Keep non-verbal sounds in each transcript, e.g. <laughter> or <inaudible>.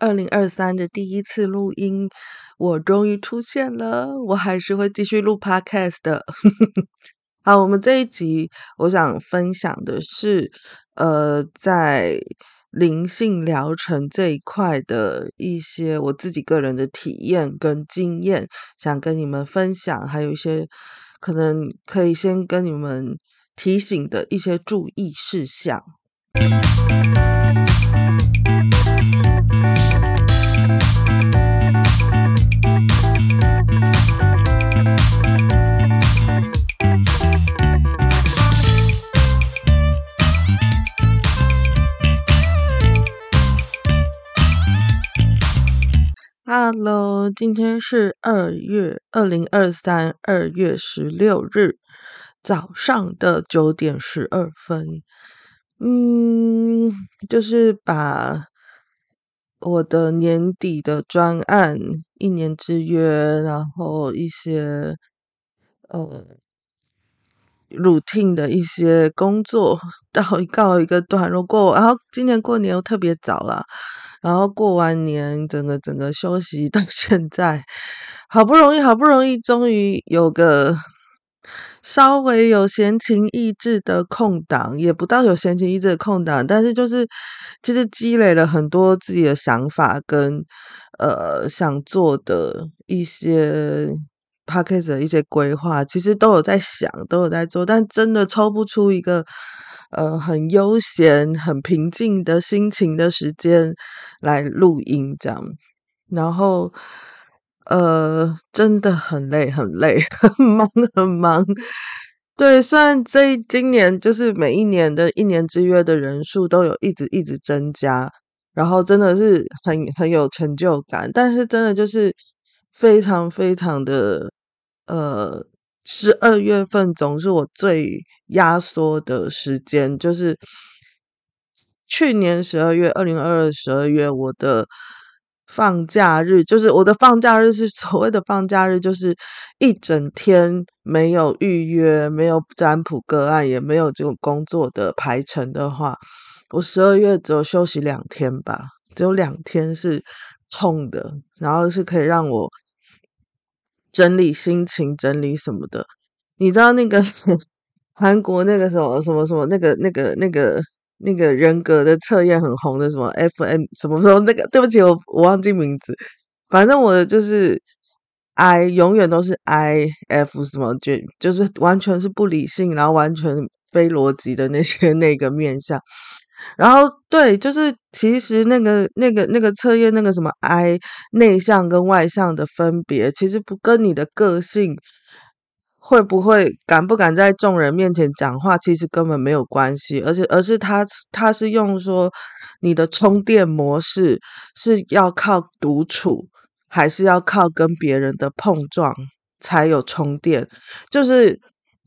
二零二三的第一次錄音，我終於出現了。我還是會繼續錄 podcast 的。 <laughs> 好，我們這一集我想分享的是，呃，在靈性療程這一塊的一些我自己個人的體驗跟經驗，想跟你們分享，還有一些可能可以先跟你們提醒的一些注意事項。 <noise> Hello，今天是二月二零二三二月十六日早上的九點十二分。嗯，就是把我的年底的專案一年之約，然後一些，呃。routine 的一些工作到告一,一個段落過，然後今年過年又特別早了，然後過完年整個整個休息到現在，好不容易好不容易終於有個稍微有閒情逸致的空檔，也不到有閒情逸致的空檔，但是就是其實積累了很多自己的想法跟呃想做的一些。Podcast 的一些規劃，其實都有在想，都有在做，但真的抽不出一個呃很悠閒、很平靜的心情的時間來錄音，這樣。然後呃，真的很累，很累，很忙，很忙。對，雖然這今年就是每一年的一年之約的人數都有一直一直增加，然後真的是很很有成就感，但是真的就是非常非常的。呃，十二月份總是我最壓縮的時間。就是去年十二月，二零二二十二月，我的放假日就是我的放假日是所謂的放假日，就是一整天沒有預約、沒有占卜個案，也沒有這個工作的排程的話，我十二月只有休息兩天吧，只有兩天是空的，然後是可以讓我。整理心情，整理什麼的，你知道那個韓國那個什麼什麼什麼那個那個那個那個人格的測驗很紅的什麼 FM 什麼什麼那個，對不起我我忘記名字，反正我的就是 I 永遠都是 I F 什麼就就是完全是不理性，然後完全非邏輯的那些那個面向。然後對，就是其實那個那個那個測驗那個什麼 I 內向跟外向的分別，其實不跟你的個性，會不會，敢不敢在眾人面前講話，其實根本沒有關係。而且而是他他是用說你的充電模式是要靠獨處，還是要靠跟別人的碰撞才有充電，就是。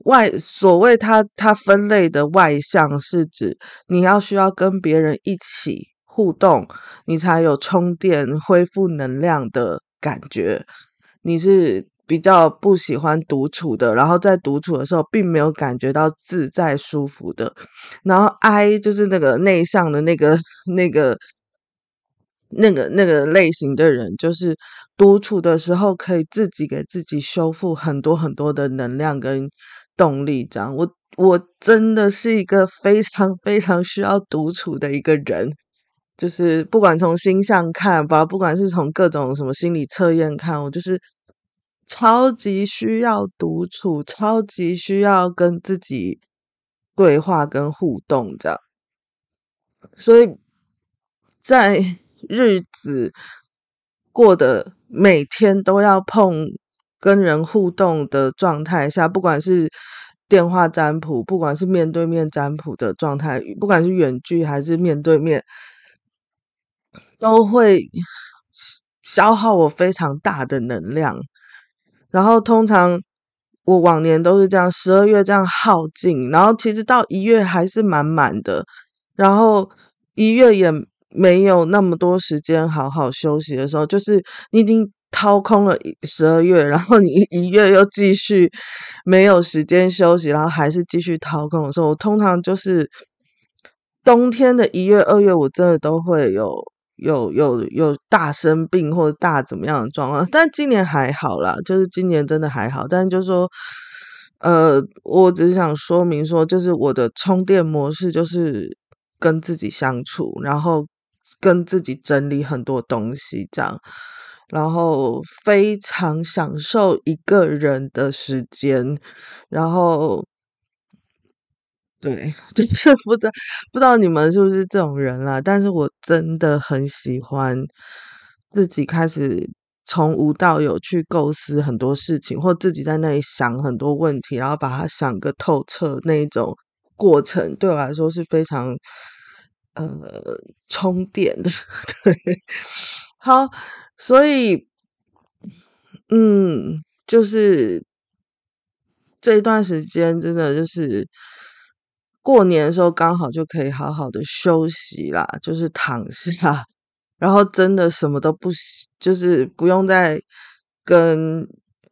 外，所謂它它分類的外向是指你要需要跟別人一起互動，你才有充電恢復能量的感覺。你是比較不喜歡獨處的，然後在獨處的時候並沒有感覺到自在舒服的。然後 I 就是那個內向的那個那個那個、那個、那個類型的人，就是獨處的時候可以自己給自己修復很多很多的能量跟。動力這樣，我我真的是一個非常非常需要獨處的一個人，就是不管從星象看吧，不，不管是從各種什麼心理測驗看，我就是超級需要獨處，超級需要跟自己對話跟互動這樣。所以在日子過的每天都要碰。跟人互動的狀態下，不管是電話占卜，不管是面對面占卜的狀態，不管是遠距還是面對面，都會消耗我非常大的能量。然後通常我往年都是這樣，十二月這樣耗盡，然後其實到一月還是滿滿的，然後一月也沒有那麼多時間好好休息的時候，就是你已經。掏空了十二月，然後你一月又繼續沒有時間休息，然後還是繼續掏空的時候，我通常就是冬天的一月、二月，我真的都會有有有有大生病或者大怎麼樣的狀況。但今年還好啦，就是今年真的還好。但就是說，呃，我只是想說明說，就是我的充電模式就是跟自己相處，然後跟自己整理很多東西這樣。然後非常享受一個人的時間，然後對，就是不知道不知道你們是不是這種人啦，但是我真的很喜歡自己開始從無到有去構思很多事情，或自己在那裡想很多問題，然後把它想個透徹，那一種過程對我來說是非常呃充電的。對，好。所以，嗯，就是這一段時間，真的就是過年的時候，剛好就可以好好的休息啦，就是躺下，然後真的什麼都不，就是不用再跟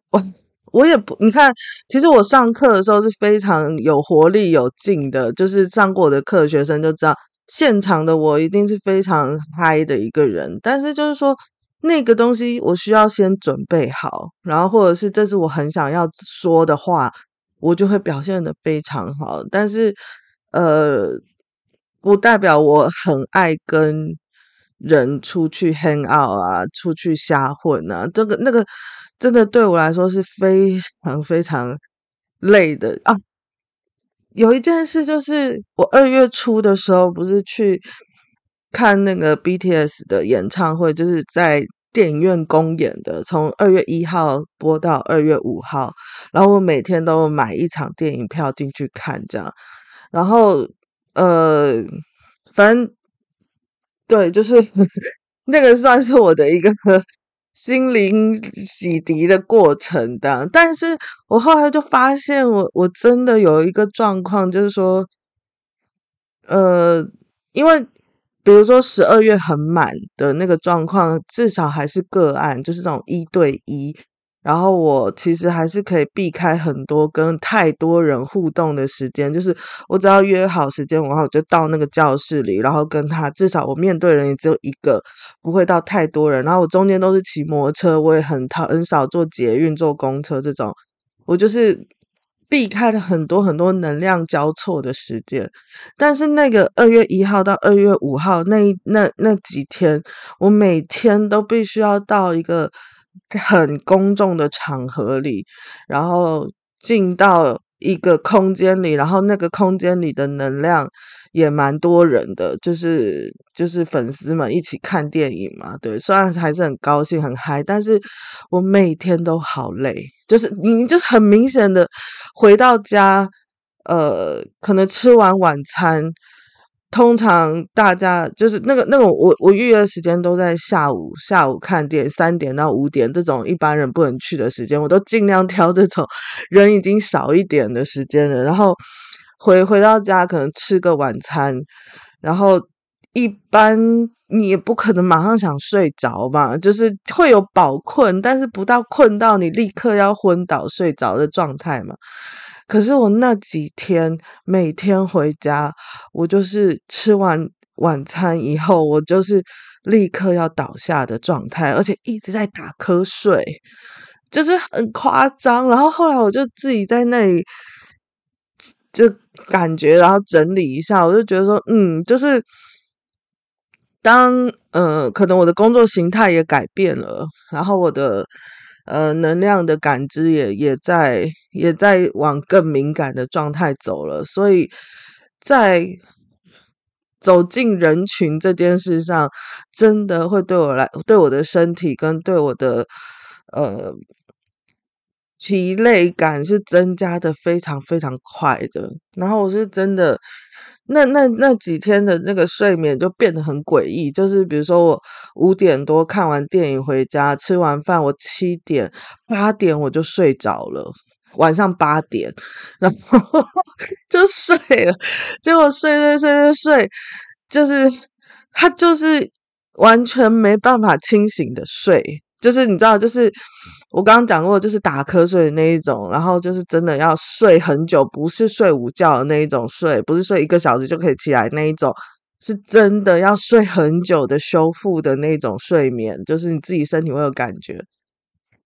我，我也不，你看，其實我上課的時候是非常有活力、有勁的，就是上過我的課的學生就知道，現場的我一定是非常嗨的一個人，但是就是說。那個東西我需要先準備好，然後或者是這是我很想要說的話，我就會表現得非常好。但是，呃，不代表我很愛跟人出去 hang out 啊，出去瞎混啊。這個那個真的對我來說是非常非常累的啊。有一件事就是，我二月初的時候不是去。看那個 BTS 的演唱會，就是在電影院公演的，從二月一號播到二月五號，然後我每天都買一場電影票進去看這樣，然後呃，反正對，就是 <laughs> 那個算是我的一個心靈洗滌的過程的，但是我後來就發現我，我我真的有一個狀況，就是說，呃，因為。比如說十二月很滿的那個狀況，至少還是個案，就是這種一對一。然後我其實還是可以避開很多跟太多人互動的時間，就是我只要約好時間，然後我就到那個教室裡，然後跟他。至少我面對人也只有一個，不會到太多人。然後我中間都是騎摩托車，我也很很少坐捷運、坐公車這種。我就是。避開了很多很多能量交錯的時間，但是那個二月一號到二月五號，那那那幾天，我每天都必須要到一個很公眾的場合裡，然後進到一個空間裡，然後那個空間裡的能量。也蠻多人的，就是就是粉絲們一起看電影嘛，對，雖然還是很高興很嗨，但是我每天都好累，就是你就很明顯的回到家，呃，可能吃完晚餐，通常大家就是那個那個我，我我預約的時間都在下午下午看電影，三點到五點這種一般人不能去的時間，我都盡量挑這種人已經少一點的時間了，然後。回回到家，可能吃個晚餐，然後一般你也不可能馬上想睡着嘛，就是會有飽困，但是不到困到你立刻要昏倒睡着的狀態嘛。可是我那幾天每天回家，我就是吃完晚餐以後，我就是立刻要倒下的狀態，而且一直在打瞌睡，就是很誇張。然後後來我就自己在那裡，就。感覺，然後整理一下，我就覺得說，嗯，就是當呃，可能我的工作形態也改變了，然後我的呃能量的感知也也在也在往更敏感的狀態走了，所以在走進人群這件事上，真的會對我來，對我的身體跟對我的呃。疲累感是增加的非常非常快的，然後我是真的，那那那幾天的那個睡眠就變得很詭異，就是比如說我五點多看完電影回家，吃完飯我七點八點我就睡着了，晚上八點然後就睡了，結果睡睡睡睡睡，就是他就是完全沒辦法清醒的睡，就是你知道就是。我剛剛講過，就是打瞌睡的那一種，然後就是真的要睡很久，不是睡午覺的那一種睡，不是睡一個小時就可以起來那一種，是真的要睡很久的修復的那種睡眠，就是你自己身體會有感覺，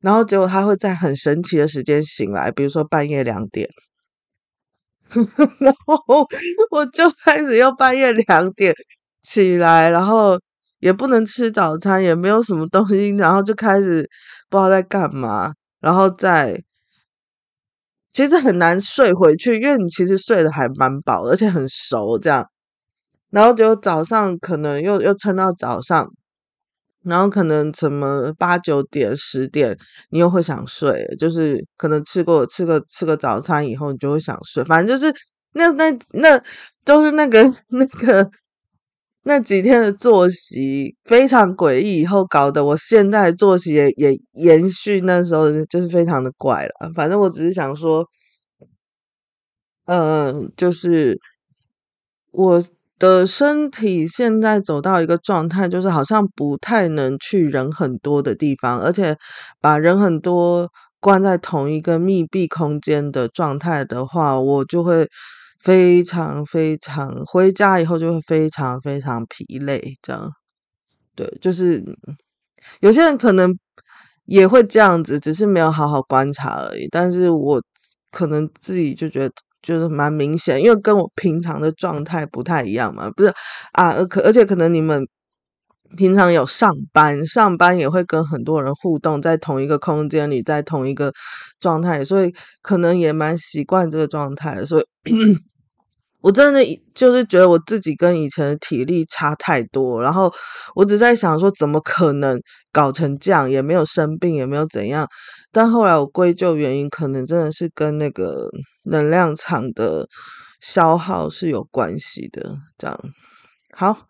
然後結果他會在很神奇的時間醒來，比如說半夜兩點，然 <laughs> 後我就開始要半夜兩點起來，然後也不能吃早餐，也沒有什麼東西，然後就開始。不知道在幹嘛，然後再其實很難睡回去，因為你其實睡得還蠻飽，而且很熟這樣，然後就早上可能又又撐到早上，然後可能什麼八九點十點你又會想睡，就是可能吃過吃個吃個早餐以後你就會想睡，反正就是那那那就是那個那個。那幾天的作息非常詭異，以後搞得我現在作息也也延續那時候就是非常的怪了。反正我只是想說，嗯、呃，就是我的身體現在走到一個狀態，就是好像不太能去人很多的地方，而且把人很多關在同一個密閉空間的狀態的話，我就會。非常非常回家以後就會非常非常疲累，這樣對，就是有些人可能也會這樣子，只是沒有好好觀察而已。但是，我可能自己就覺得就是蠻明顯，因為跟我平常的狀態不太一樣嘛，不是啊？而可而且可能你們平常有上班，上班也會跟很多人互動，在同一個空間裡，在同一個狀態，所以可能也蠻習慣這個狀態，所以。 <coughs> 我真的就是覺得我自己跟以前的體力差太多，然後我只在想說，怎麼可能搞成這樣，也沒有生病，也沒有怎樣。但後來我歸咎原因，可能真的是跟那個能量場的消耗是有關係的。這樣。好，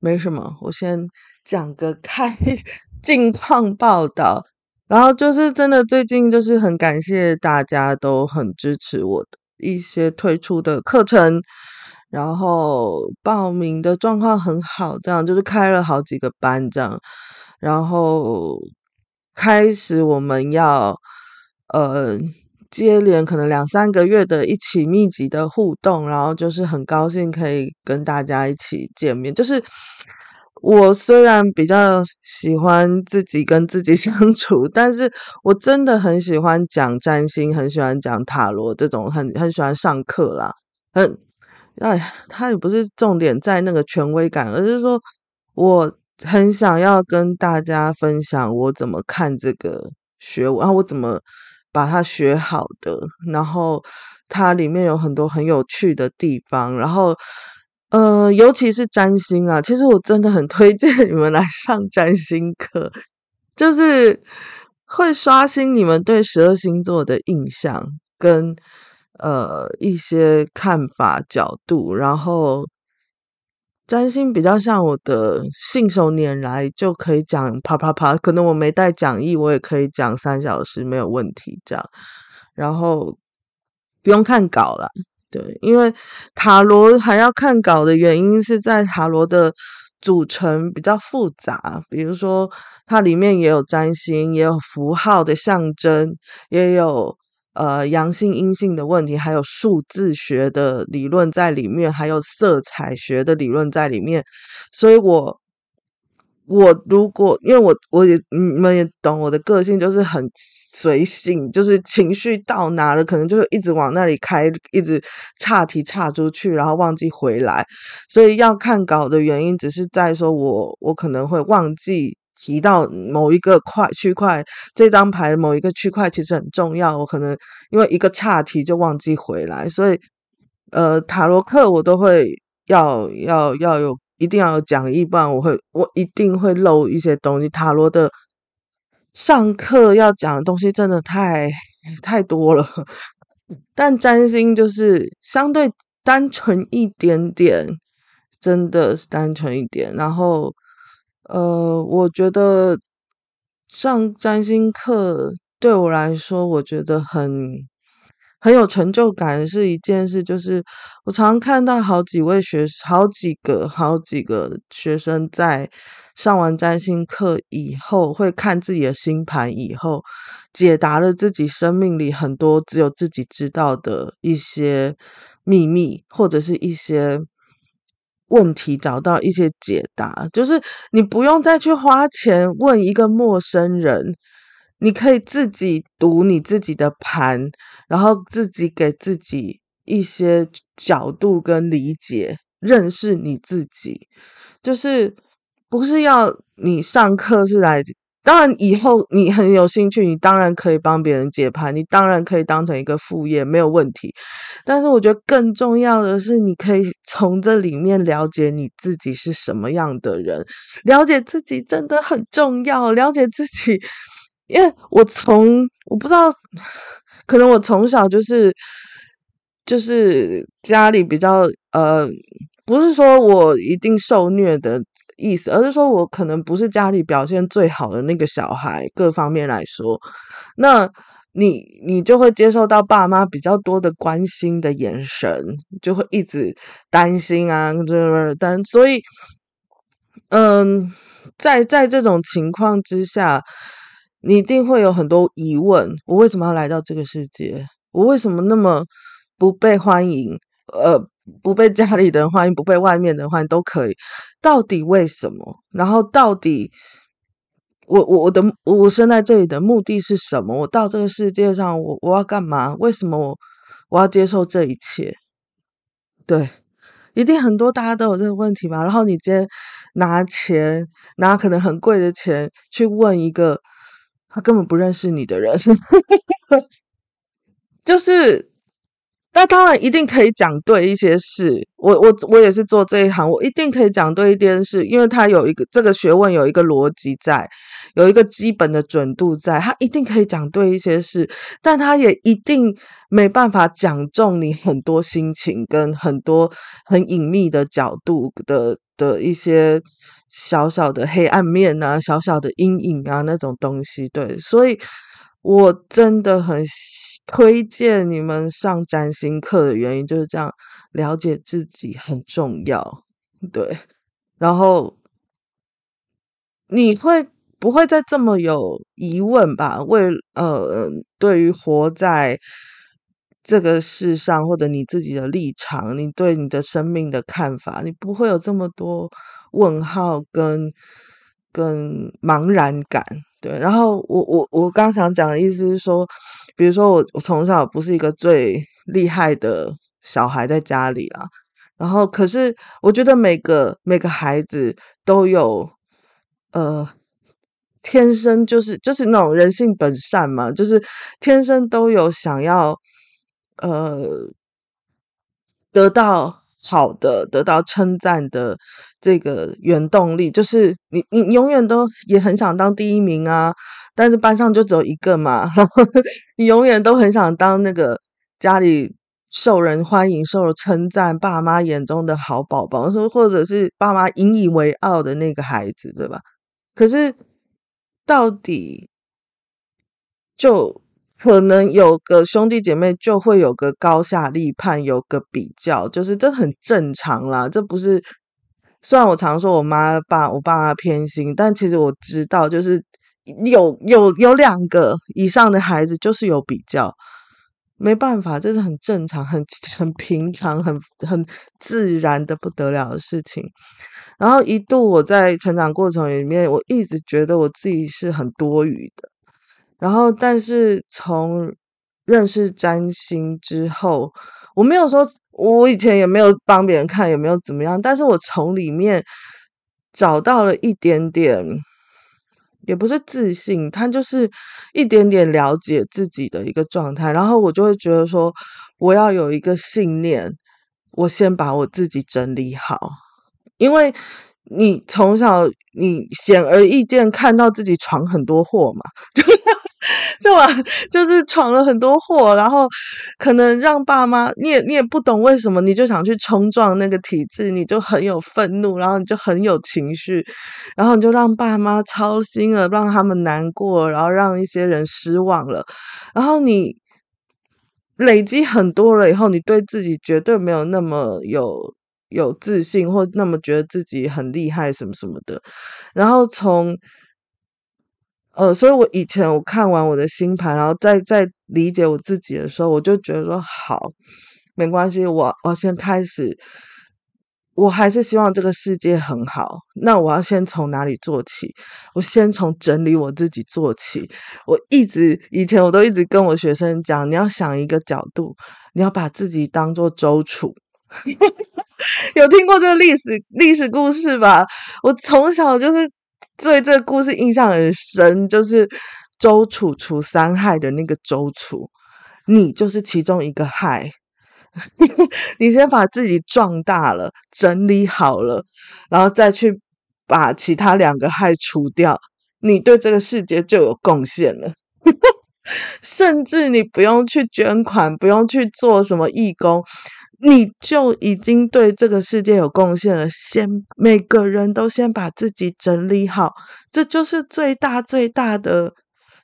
沒什麼，我先講個開 <laughs> 近況報告，然後就是真的最近就是很感謝大家都很支持我的。一些推出的課程，然後報名的狀況很好，這樣就是開了好幾個班，這樣，然後開始我們要呃接連可能兩三個月的一起密集的互動，然後就是很高興可以跟大家一起見面，就是。我雖然比較喜歡自己跟自己相處，但是我真的很喜歡講占星，很喜歡講塔羅這種很，很很喜歡上課啦。很，哎，它也不是重點在那個權威感，而是說我很想要跟大家分享我怎麼看這個學問，然後我怎麼把它學好的，然後它裡面有很多很有趣的地方，然後。呃，尤其是占星啊，其實我真的很推薦你們來上占星課，就是會刷新你們對十二星座的印象跟呃一些看法角度。然後占星比較像我的信手拈來就可以講啪啪啪，可能我沒帶講義，我也可以講三小時沒有問題這樣，然後不用看稿了。對，因為塔羅還要看稿的原因是在塔羅的組成比較複雜，比如說它裡面也有占星，也有符號的象徵，也有呃陽性陰性的問題，還有數字學的理論在裡面，還有色彩學的理論在裡面，所以我。我如果，因為我我也你們也懂我的個性，就是很隨性，就是情緒到哪了，可能就是一直往那裡開，一直岔題岔出去，然後忘記回來。所以要看稿的原因，只是在說我我可能會忘記提到某一個塊區塊，這張牌某一個區塊其實很重要，我可能因為一個岔題就忘記回來。所以，呃，塔羅課我都會要要要有。一定要有講義，不然我會，我一定會漏一些東西。塔羅的上課要講的東西真的太太多了，但占星就是相對單純一點點，真的是單純一點。然後，呃，我覺得上占星課對我來說，我覺得很。很有成就感是一件事，就是我常看到好幾位學、好幾個、好幾個學生在上完占星課以後，會看自己的星盤以後，解答了自己生命裡很多只有自己知道的一些秘密，或者是一些問題，找到一些解答。就是你不用再去花錢問一個陌生人。你可以自己讀你自己的盤，然後自己給自己一些角度跟理解，認識你自己。就是不是要你上課是來？當然，以後你很有興趣，你當然可以幫別人解盤，你當然可以當成一個副業，沒有問題。但是我覺得更重要的是，你可以從這裡面了解你自己是什麼樣的人。了解自己真的很重要，了解自己。因為我從我不知道，可能我從小就是就是家裡比較呃，不是說我一定受虐的意思，而是說我可能不是家裡表現最好的那個小孩，各方面來說，那你你就會接受到爸媽比較多的關心的眼神，就會一直擔心啊，就擔，所以嗯、呃，在在這種情況之下。你一定會有很多疑問：我為什麼要來到這個世界？我為什麼那麼不被歡迎？呃，不被家裡人歡迎，不被外面人歡迎都可以。到底為什麼？然後到底我我我的我生在這裡的目的是什麼？我到這個世界上，我我要幹嘛？為什麼我我要接受這一切？對，一定很多大家都有這個問題嘛。然後你直接拿錢，拿可能很貴的錢去問一個。他根本不認識你的人， <laughs> 就是，那當然一定可以講對一些事。我我我也是做這一行，我一定可以講對一件事，因為他有一個這個學問有一個邏輯在，有一個基本的準度在，他一定可以講對一些事，但他也一定沒辦法講中你很多心情跟很多很隱秘的角度的的一些。小小的黑暗面啊，小小的陰影啊，那種東西，對，所以我真的很推薦你們上占星課的原因就是這樣，了解自己很重要，對。然後你會不會再這麼有疑問吧？為呃，對於活在這個世上或者你自己的立場，你對你的生命的看法，你不會有這麼多。問號跟跟茫然感，對。然後我我我剛剛想講的意思是說，比如說我我從小不是一個最厲害的小孩在家裡啊，然後可是我覺得每個每個孩子都有，呃，天生就是就是那種人性本善嘛，就是天生都有想要呃得到。好的，得到稱讚的這個原動力，就是你，你永遠都也很想當第一名啊。但是班上就只有一個嘛， <laughs> 你永遠都很想當那個家裡受人歡迎、受稱讚、爸媽眼中的好寶寶，說或者是爸媽引以為傲的那個孩子，對吧？可是到底就。可能有個兄弟姐妹就會有個高下立判，有個比較，就是這很正常啦。這不是，雖然我常說我媽爸、我爸媽偏心，但其實我知道，就是有有有兩個以上的孩子，就是有比較，沒辦法，這是很正常、很很平常、很很自然的不得了的事情。然後一度我在成長過程裡面，我一直覺得我自己是很多餘的。然後，但是從認識占星之後，我沒有說，我以前也沒有幫別人看，也沒有怎麼樣。但是我從裡面找到了一點點，也不是自信，他就是一點點了解自己的一個狀態。然後我就會覺得說，我要有一個信念，我先把我自己整理好，因為你從小你顯而易見看到自己闖很多禍嘛，就。 <laughs> 就、啊、就是闖了很多禍，然後可能讓爸媽，你也你也不懂為什麼，你就想去衝撞那個體制，你就很有憤怒，然後你就很有情緒，然後你就讓爸媽操心了，讓他們難過，然後讓一些人失望了，然後你累積很多了以後，你對自己絕對沒有那麼有有自信，或那麼覺得自己很厲害什麼什麼的，然後從。呃，所以，我以前我看完我的星盤，然後再再理解我自己的時候，我就覺得說，好，沒關係，我我先開始，我還是希望這個世界很好。那我要先從哪裡做起？我先從整理我自己做起。我一直以前我都一直跟我學生講，你要想一個角度，你要把自己當做周處， <laughs> 有聽過這個歷史歷史故事吧？我從小就是。所以這個故事印象很深，就是周處除三害的那個周處，你就是其中一個害。 <laughs> 你先把自己壯大了，整理好了，然後再去把其他兩個害除掉，你對這個世界就有貢獻了。 <laughs> 甚至你不用去捐款，不用去做什麼義工。你就已經對這個世界有貢獻了。先每個人都先把自己整理好，這就是最大最大的，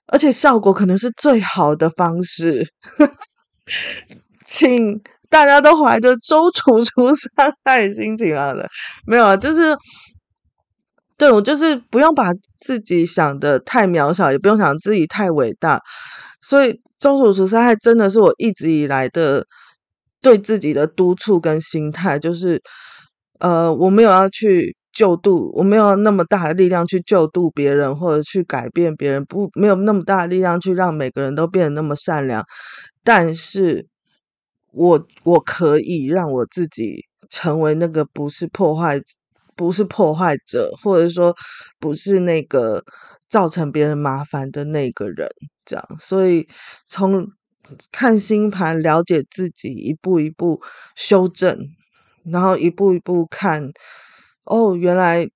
而且效果可能是最好的方式。 <laughs> 請大家都懷着“周處除三害”心情好了，沒有啊？就是對我，就是不用把自己想的太渺小，也不用想自己太偉大。所以“周處除三害”真的是我一直以來的。對自己的督促跟心態，就是，呃，我沒有要去救度，我沒有那麼大的力量去救度別人，或者去改變別人，不，沒有那麼大的力量去讓每個人都變得那麼善良。但是我，我我可以讓我自己成為那個不是破壞，不是破壞者，或者說不是那個造成別人麻煩的那個人，這樣。所以從看星盤，了解自己，一步一步修正，然後一步一步看。哦，原來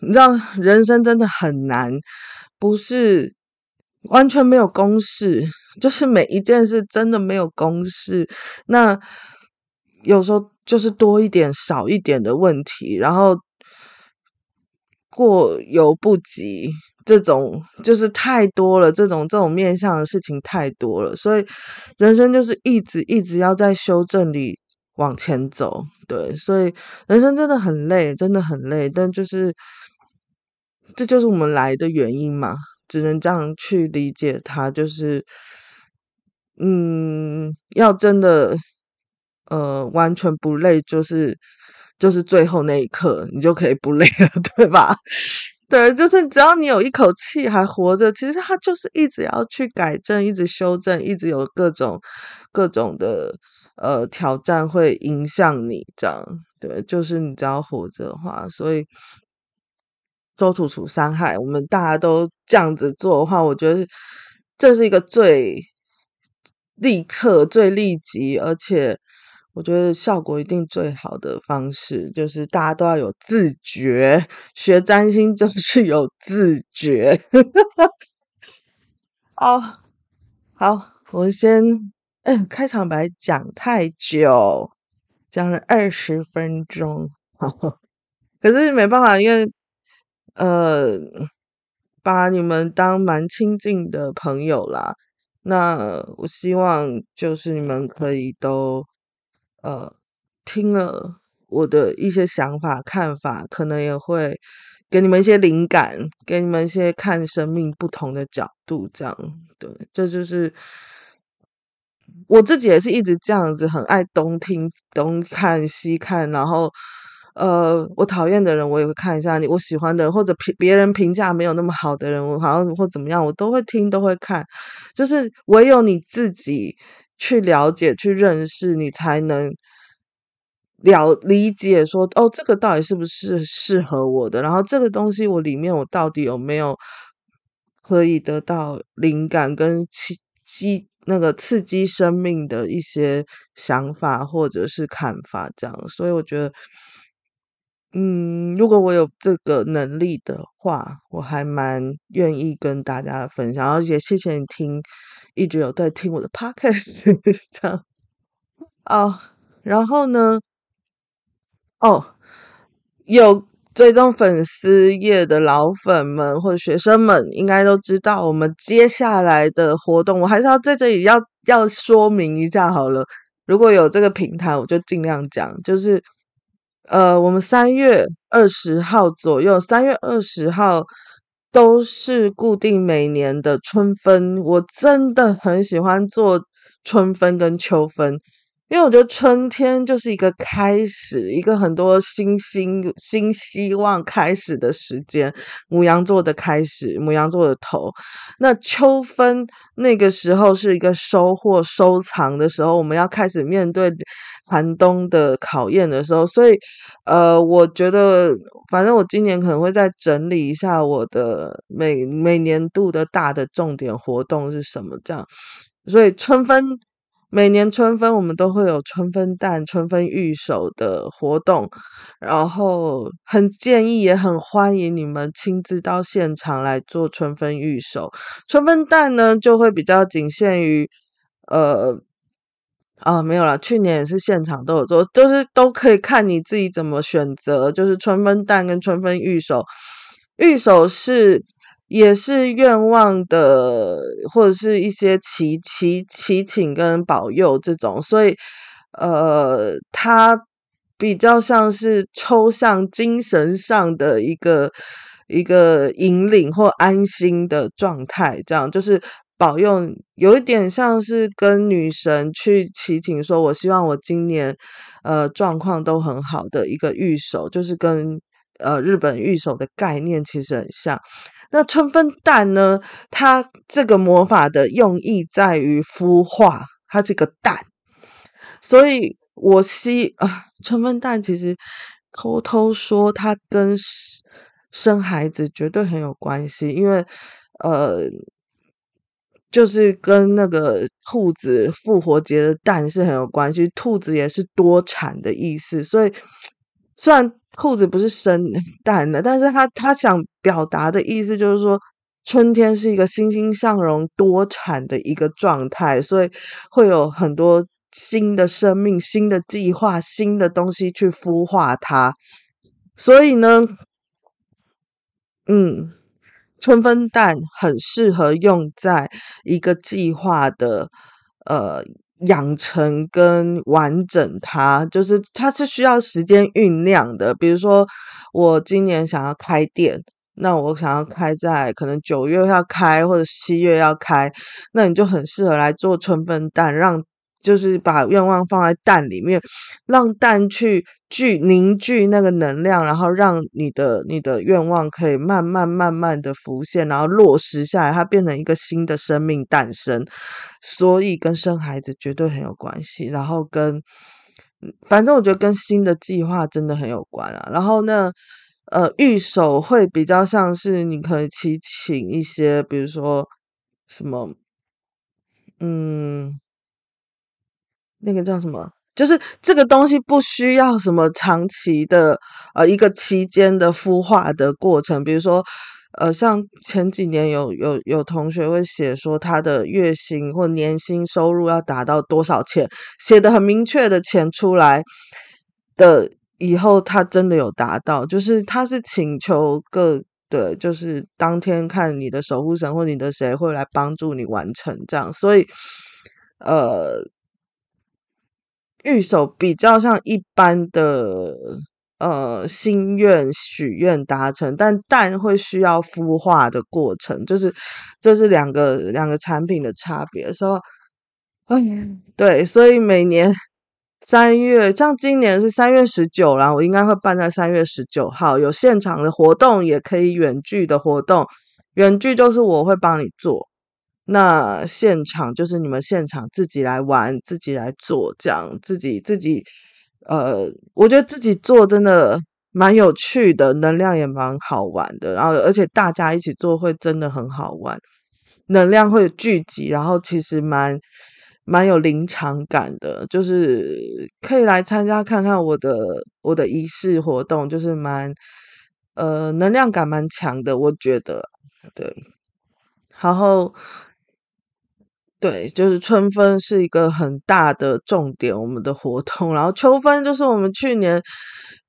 讓人生真的很難，不是完全沒有公式，就是每一件事真的沒有公式。那有時候就是多一點、少一點的問題，然後過猶不及。這種就是太多了，這種這種面向的事情太多了，所以人生就是一直一直要在修正裡往前走，對，所以人生真的很累，真的很累，但就是這就是我們來的原因嘛，只能這樣去理解它，就是，嗯，要真的，呃，完全不累，就是就是最後那一刻，你就可以不累了，對吧？對，就是只要你有一口氣還活着，其實他就是一直要去改正，一直修正，一直有各種各種的呃挑戰會影響你。這樣，對，就是你只要活着的話，所以周處除三害我們大家都這樣子做的話，我覺得這是一個最立刻、最立即，而且。我覺得效果一定最好的方式就是大家都要有自覺，學占星就是有自覺。哦、 <laughs> oh,，好，我先嗯、欸、開場白講太久，講了二十分鐘，好， <laughs> 可是沒辦法，因為呃，把你們當蠻親近的朋友啦。那我希望就是你們可以都。呃，聽了我的一些想法、看法，可能也會給你們一些靈感，給你們一些看生命不同的角度，這樣對，這就是我自己也是一直這樣子，很愛東聽東看西看，然後呃，我討厭的人我也會看一下，你我喜歡的或者別人評價沒有那麼好的人，我好像或怎麼樣，我都會聽都會看，就是唯有你自己。去了解、去認識，你才能了理解說。說，哦，這個到底是不是適合我的？然後這個東西，我裡面我到底有沒有可以得到靈感跟刺激那個刺激生命的一些想法或者是看法？這樣，所以我覺得，嗯，如果我有這個能力的話，我還蠻願意跟大家分享。而且，謝謝你聽。一直有在聽我的 podcast、 <laughs> 哦、然後呢，哦，有追蹤粉絲業的老粉們或者學生們，應該都知道我們接下來的活動，我還是要在這裡要要說明一下好了。如果有這個平台，我就盡量講，就是呃，我們三月二十號左右，三月二十號。都是固定每年的春分，我真的很喜歡做春分跟秋分，因為我覺得春天就是一個開始，一個很多新新新希望開始的時間，牡羊座的開始，牡羊座的頭。那秋分那個時候是一個收穫、收藏的時候，我們要開始面對。寒冬的考驗的時候，所以呃，我覺得反正我今年可能會再整理一下我的每每年度的大的重點活動是什麼這樣。所以春分，每年春分我們都會有春分蛋、春分御守的活動，然後很建議也很歡迎你們親自到現場來做春分御守。春分蛋呢就會比較僅限於呃。啊，沒有啦。去年也是現場都有做，就是都可以看你自己怎麼選擇。就是春分蛋跟春分御守，御守是也是願望的，或者是一些祈祈祈請跟保佑這種。所以，呃，它比較像是抽象精神上的一個一個引領或安心的狀態，這樣就是。保佑，有一點像是跟女神去祈請，說我希望我今年呃狀況都很好的一個御守，就是跟呃日本御守的概念其實很像。那春分蛋呢，它這個魔法的用意在於孵化它這個蛋，所以我希啊、呃、春分蛋其實偷偷說，它跟生孩子絕對很有關係，因為呃。就是跟那個兔子復活節的蛋是很有關係，兔子也是多產的意思。所以雖然兔子不是生蛋的，但是他他想表達的意思就是說，春天是一個欣欣向榮、多產的一個狀態，所以會有很多新的生命、新的計劃、新的東西去孵化它。所以呢，嗯。春分蛋很適合用在一個計劃的呃養成跟完整它，它就是它是需要時間醞釀的。比如說，我今年想要開店，那我想要開在可能九月要開或者七月要開，那你就很適合來做春分蛋，讓。就是把願望放在蛋裡面，讓蛋去聚凝聚那個能量，然後讓你的你的願望可以慢慢慢慢的浮現，然後落實下來，它變成一個新的生命誕生。所以跟生孩子絕對很有關係。然後跟反正我覺得跟新的計劃真的很有關啊。然後呢，呃，御守會比較像是你可以祈請一些，比如說什麼，嗯。那個叫什麼？就是這個東西不需要什麼長期的，呃，一個期間的孵化的過程。比如說，呃，像前幾年有有有同學會寫說，他的月薪或年薪收入要達到多少錢，寫得很明確的錢出來的以後，他真的有達到。就是他是請求各，對，就是當天看你的守護神或你的誰會來幫助你完成這樣。所以，呃。御守比較像一般的呃心願許願達成，但蛋會需要孵化的過程，就是這是兩個兩個產品的差別。所以，哎，Yeah. 對，所以每年三月，像今年是三月十九，然後我應該會辦在三月十九號，有現場的活動，也可以遠距的活動，遠距就是我會幫你做。那現場就是你們現場自己來玩，自己來做這樣，自己自己，呃，我覺得自己做真的蠻有趣的，能量也蠻好玩的。然後，而且大家一起做會真的很好玩，能量會聚集，然後其實蠻蠻有臨場感的，就是可以來參加看看我的我的儀式活動，就是蠻呃能量感蠻強的，我覺得對，然後。對，就是春分是一個很大的重點，我們的活動。然後秋分就是我們去年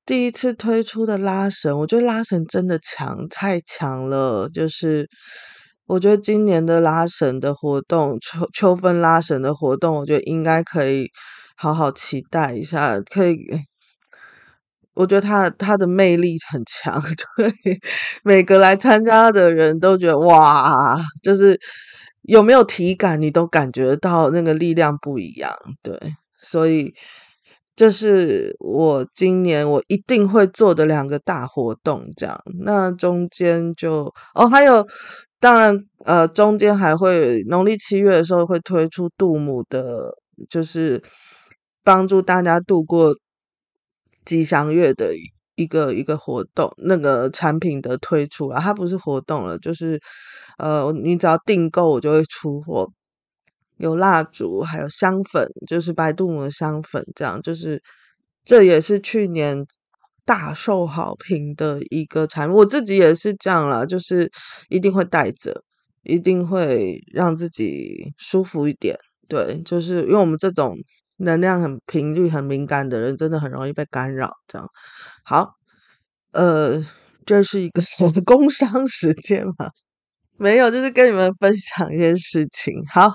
第一次推出的拉神，我覺得拉神真的強，太強了。就是我覺得今年的拉神的活動，秋，秋分拉神的活動，我覺得應該可以好好期待一下。可以，我覺得它它的魅力很強，對每個來參加的人都覺得哇，就是。有沒有體感？你都感覺到那個力量不一樣，對，所以這是我今年我一定會做的兩個大活動。這樣，那中間就哦，還有，當然呃，中間還會農曆七月的時候會推出度母的，就是幫助大家度過吉祥月的一個一個活動，那個產品的推出啊，它不是活動了，就是。呃，你只要訂購，我就會出貨。有蠟燭，還有香粉，就是白度母的香粉，這樣，就是這也是去年大受好評的一個產品。我自己也是這樣啦，就是一定會帶着，一定會讓自己舒服一點。對，就是因為我們這種能量很、頻率很敏感的人，真的很容易被干擾。這樣。好，呃，這是一個工商時間嘛。沒有，就是跟你們分享一件事情。好，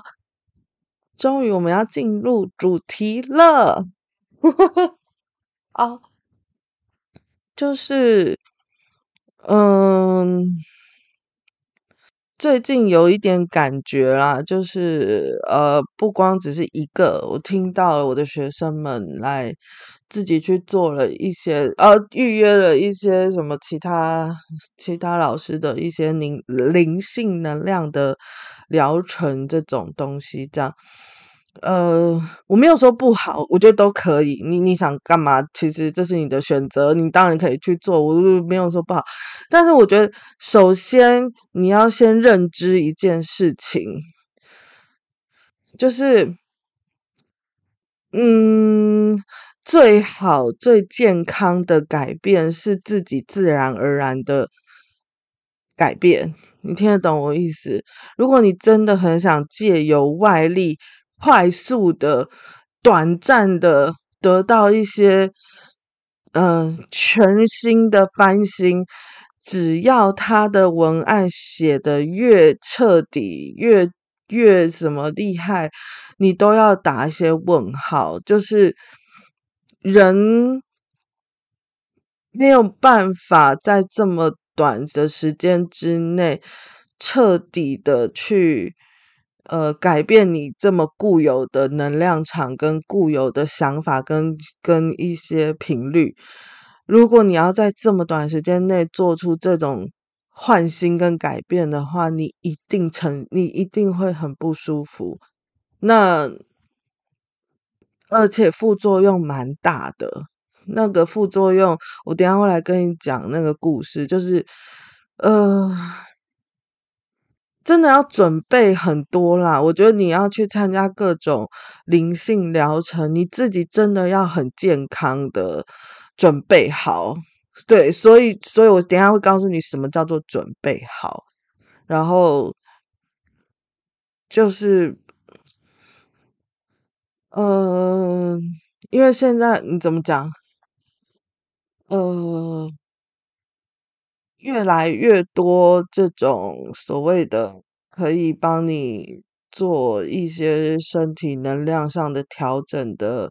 終於我們要進入主題了。啊、 <laughs> 哦，就是，嗯，最近有一點感覺啦，就是呃，不光只是一個，我聽到了我的學生們來。自己去做了一些，呃、啊，預約了一些什麼其他其他老師的一些靈靈性能量的療程這種東西，這樣，呃，我沒有說不好，我覺得都可以。你你想幹嘛？其實這是你的選擇，你當然可以去做，我沒有說不好。但是我覺得，首先你要先認知一件事情，就是，嗯。最好最健康的改變是自己自然而然的改變，你聽得懂我意思？如果你真的很想借由外力快速的、短暫的得到一些嗯、呃、全新的翻新，只要他的文案寫得越徹底、越越什麼厲害，你都要打一些問號，就是。人沒有辦法在這麼短的時間之內徹底的去呃改變你這麼固有的能量場跟固有的想法跟跟一些頻率。如果你要在這麼短時間內做出這種換心跟改變的話，你一定成，你一定會很不舒服。那。而且副作用蠻大的，那個副作用我等一下會來跟你講那個故事，就是呃，真的要準備很多啦。我覺得你要去參加各種靈性療程，你自己真的要很健康的準備好。對，所以，所以我等一下會告訴你什麼叫做準備好，然後就是。呃，因為現在你怎麼講？呃，越來越多這種所謂的可以幫你做一些身體能量上的調整的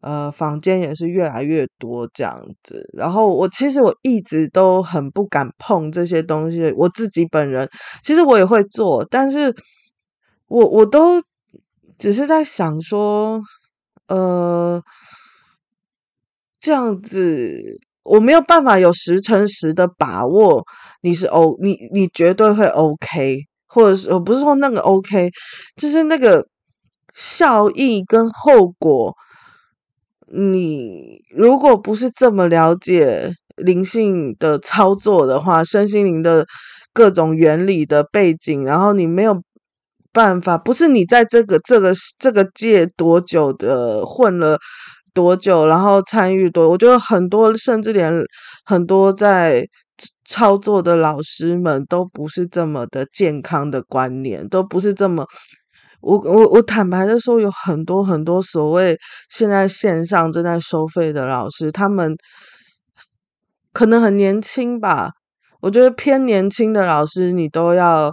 呃房間也是越來越多這樣子。然後我其實我一直都很不敢碰這些東西，我自己本人其實我也會做，但是我我都。只是在想說，呃，這樣子我沒有辦法有十成十的把握，你是 O，你你絕對會 OK，或者是我不是說那個 OK，就是那個效益跟後果，你如果不是這麼了解靈性的操作的話，身心靈的各種原理的背景，然後你沒有。辦法不是你在這個這個這個界多久的混了多久，然後參與多。我覺得很多，甚至連很多在操作的老師們都不是這麼的健康的觀念，都不是這麼。我我我坦白的說，有很多很多所謂現在線上正在收費的老師，他們可能很年輕吧。我覺得偏年輕的老師，你都要。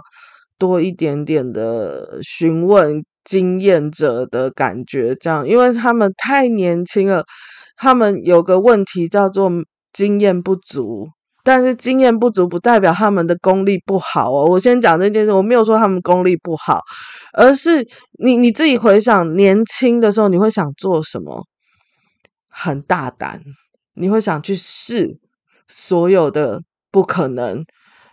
多一點點的詢問經驗者的感覺，這樣，因為他們太年輕了，他們有個問題叫做經驗不足。但是經驗不足不代表他們的功力不好哦，我先講這件事，我沒有說他們功力不好，而是你你自己回想年輕的時候，你會想做什麼？很大膽，你會想去試所有的不可能。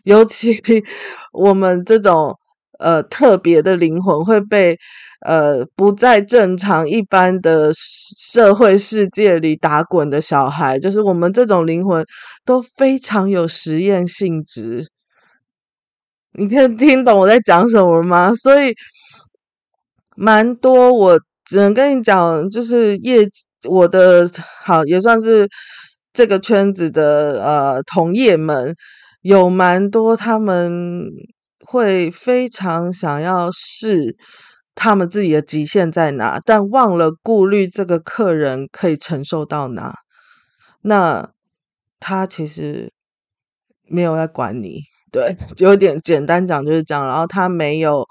尤其你，我們這種呃特別的靈魂會被呃不在正常一般的社會世界裡打滾的小孩，就是我們這種靈魂都非常有實驗性質。你可以聽懂我在講什麼嗎？所以蠻多，我只能跟你講，就是業我的好也算是這個圈子的呃同業們。有蠻多，他們會非常想要試他們自己的極限在哪，但忘了顧慮這個客人可以承受到哪。那他其實沒有在管你，對，就有點簡單講就是這樣，然後他沒有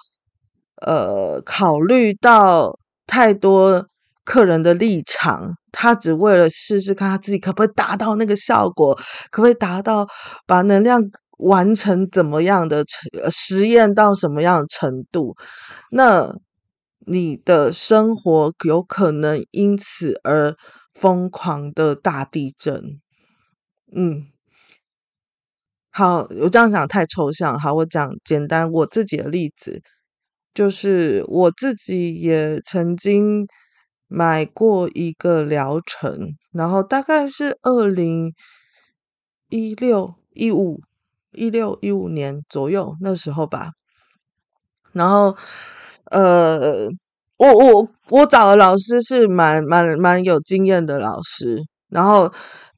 呃考慮到太多客人的立場。他只為了試試看他自己可不可以達到那個效果，可不可以達到把能量完成怎麼樣的實驗到什麼樣的程度？那你的生活有可能因此而瘋狂的大地震。嗯，好，我這樣講太抽象。好，我講簡單，我自己的例子就是我自己也曾經。買過一個療程，然後大概是二零一六一五一六一五年左右那時候吧。然後，呃，我我我找的老師是蠻蠻蠻有經驗的老師，然後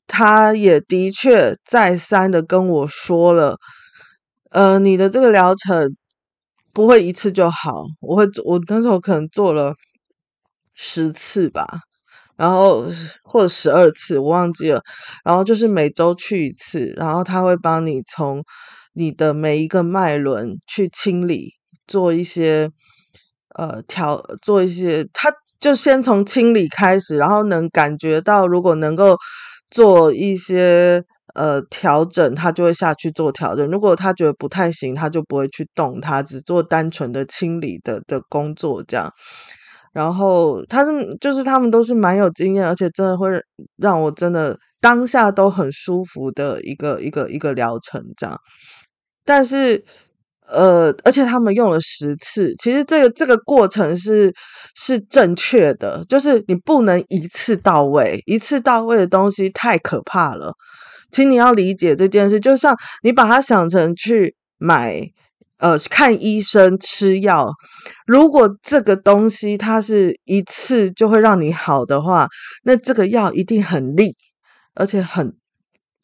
他也的確再三的跟我說了，呃，你的這個療程不會一次就好，我會我那時候可能做了。十次吧，然後或者十二次，我忘記了。然後就是每周去一次，然後他會幫你從你的每一個脈輪去清理，做一些呃調，做一些。他就先從清理開始，然後能感覺到，如果能夠做一些呃調整，他就會下去做調整。如果他覺得不太行，他就不會去動，他只做單純的清理的的工作，這樣。然後他們就是他們都是蠻有經驗，而且真的會讓我真的當下都很舒服的一個一個一個療程這樣。但是，呃，而且他們用了十次，其實這個這個過程是是正確的，就是你不能一次到位，一次到位的東西太可怕了，請你要理解這件事，就像你把它想成去買。呃，看醫生吃藥，如果這個東西它是一次就會讓你好的話，那這個藥一定很利，而且很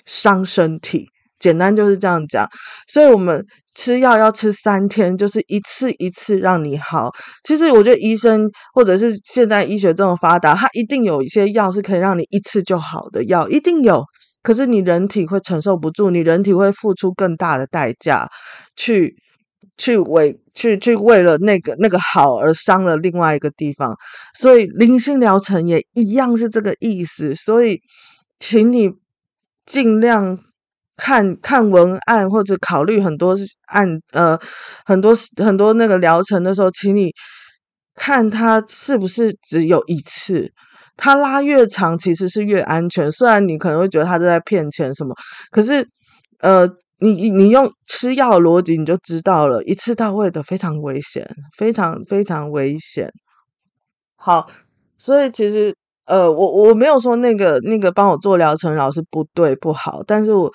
傷身體。簡單就是這樣講，所以我們吃藥要吃三天，就是一次一次讓你好。其實我覺得醫生或者是現在醫學這麼發達，他一定有一些藥是可以讓你一次就好的藥，一定有。可是你人體會承受不住，你人體會付出更大的代價去。去為去去為了那個那個好而傷了另外一個地方，所以靈性療程也一樣是這個意思。所以，請你儘量看看文案，或者考慮很多案呃很多很多那個療程的時候，請你看它是不是只有一次。它拉越長其實是越安全，雖然你可能會覺得它是在騙錢什麼，可是呃。你你你用吃藥邏輯你就知道了，一次到位的非常危險，非常非常危險。好，所以其實呃，我我沒有說那個那個幫我做療程老師不對不好，但是我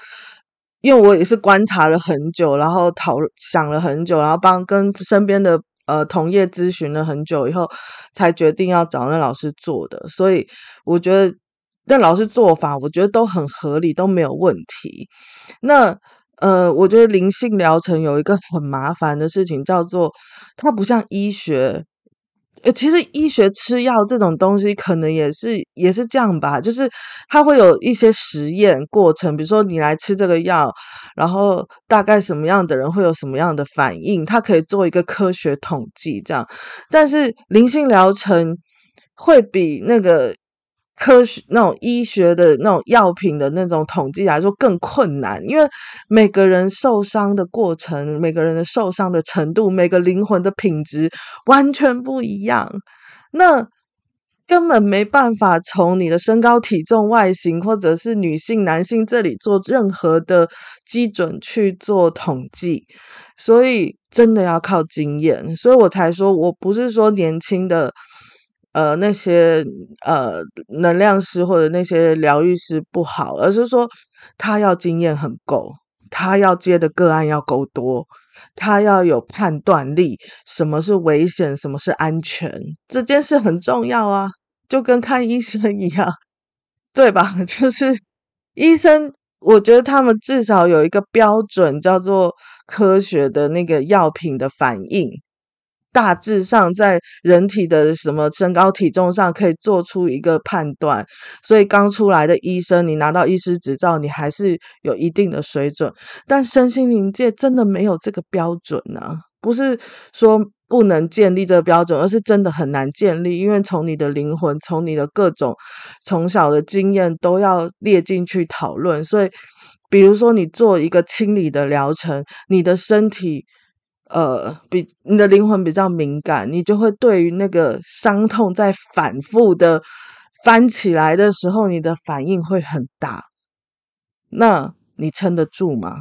因為我也是觀察了很久，然後討想了很久，然後幫跟身邊的呃同業諮詢了很久以後，才決定要找那老師做的。所以我覺得那老師做法，我覺得都很合理，都沒有問題。那呃，我覺得靈性療程有一個很麻煩的事情，叫做它不像醫學。呃，其實醫學吃藥這種東西可能也是也是這樣吧，就是它會有一些實驗過程，比如說你來吃這個藥，然後大概什麼樣的人會有什麼樣的反應，它可以做一個科學統計這樣。但是靈性療程會比那個。科學那種醫學的那種藥品的那種統計來說更困難，因為每個人受傷的過程、每個人的受傷的程度、每個靈魂的品質完全不一樣，那根本沒辦法從你的身高、體重、外形，或者是女性、男性這裡做任何的基準去做統計，所以真的要靠經驗，所以我才說，我不是說年輕的。呃，那些呃能量師或者那些療癒師不好，而是說他要經驗很夠，他要接的個案要夠多，他要有判斷力，什麼是危險，什麼是安全，這件事很重要啊，就跟看醫生一樣，對吧？就是醫生，我覺得他們至少有一個標準，叫做科學的那個藥品的反應。大致上，在人體的什麼身高體重上可以做出一個判斷，所以剛出來的醫生，你拿到醫師執照，你還是有一定的水準。但身心靈界真的沒有這個標準呢、啊？不是說不能建立這個標準，而是真的很難建立，因為從你的靈魂，從你的各種從小的經驗都要列進去討論。所以，比如說你做一個清理的療程，你的身體。呃，比你的靈魂比較敏感，你就會對於那個傷痛在反覆的翻起來的時候，你的反應會很大。那你撐得住嗎？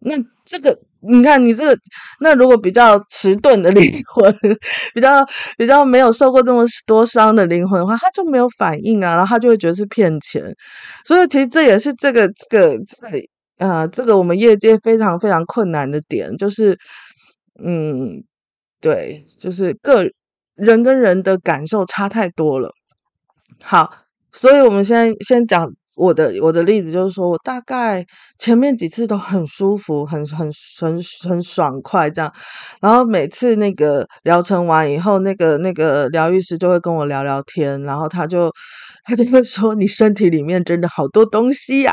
那這個，你看你這個，那如果比較遲鈍的靈魂，比較比較沒有受過這麼多傷的靈魂的話，他就沒有反應啊，然後他就會覺得是騙錢。所以其實這也是這個這個這個啊，呃，這個我們業界非常非常困難的點，就是。嗯，對，就是個人，人跟人的感受差太多了。好，所以我們先先講我的我的例子，就是說我大概前面幾次都很舒服，很很很很爽快這樣。然後每次那個療程完以後，那個那個療癒師就會跟我聊聊天，然後他就他就會說：“你身體裡面真的好多東西呀。”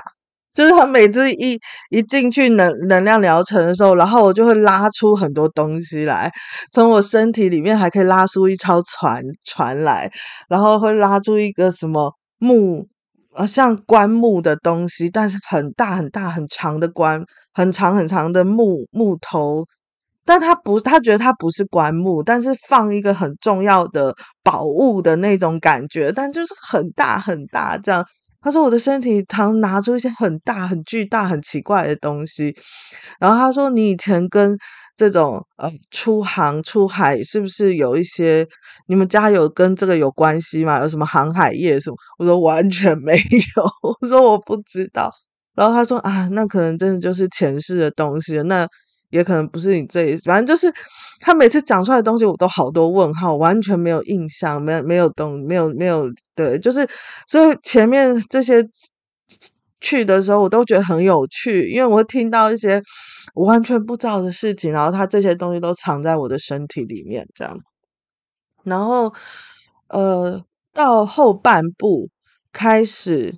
就是他每次一一進去能能量療程的時候，然後我就會拉出很多東西來，從我身體裡面還可以拉出一艘船船來，然後會拉出一個什麼木啊，像棺木的東西，但是很大很大很長的棺，很長很長的木木頭，但他不，他覺得他不是棺木，但是放一個很重要的寶物的那種感覺，但就是很大很大這樣。他說：“我的身體常常拿出一些很大、很巨大、很奇怪的東西。”然後他說：“你以前跟這種呃出航出海是不是有一些？你們家有跟這個有關係嗎？有什麼航海業什麼？”我說：“完全沒有。”我說：“我不知道。”然後他說：“啊，那可能真的就是前世的東西。”那。也可能不是你這一次，反正就是他每次講出來的東西，我都好多問號，完全沒有印象，沒有沒有動沒有沒有，對，就是所以前面這些去的時候，我都覺得很有趣，因為我會聽到一些完全不知道的事情，然後他這些東西都藏在我的身體裡面，這樣。然後呃，到後半部開始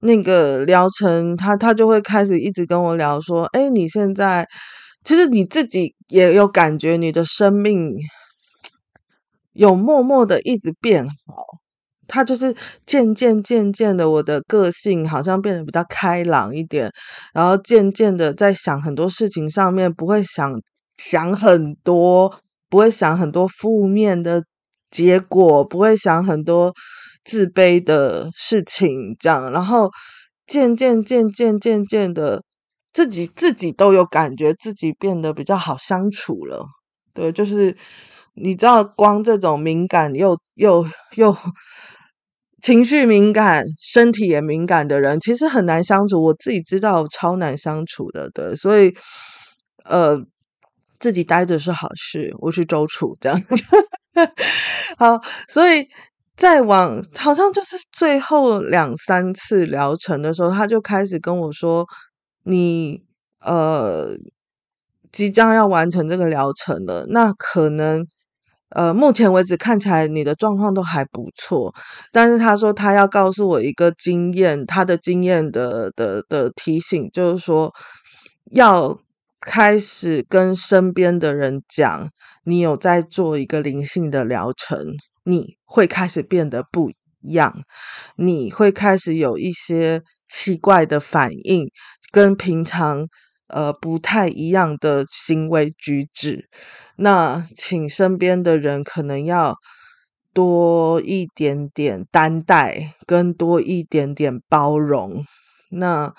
那個療程，他他就會開始一直跟我聊說，誒，你現在。其實你自己也有感覺，你的生命有默默的一直變好。他就是漸漸漸漸的，我的個性好像變得比較開朗一點，然後漸漸的在想很多事情上面不會想，想很多，不會想很多負面的結果，不會想很多自卑的事情這樣，然後漸漸漸漸漸漸的。自己自己都有感覺，自己變得比較好相處了。對，就是你知道，光這種敏感又又又情緒敏感、身體也敏感的人，其實很難相處。我自己知道超難相處的，對，所以呃，自己待着是好事。我是周處這樣。 <laughs> 好，所以再往好像就是最後兩三次療程的時候，他就開始跟我說。你呃，即將要完成這個療程了，那可能呃，目前為止看起來你的狀況都還不錯，但是他說他要告訴我一個經驗，他的經驗的的的提醒就是說，要開始跟身邊的人講，你有在做一個靈性的療程，你會開始變得不一樣，你會開始有一些奇怪的反應。跟平常呃不太一樣的行為舉止，那請身邊的人可能要多一點點擔待，跟多一點點包容。那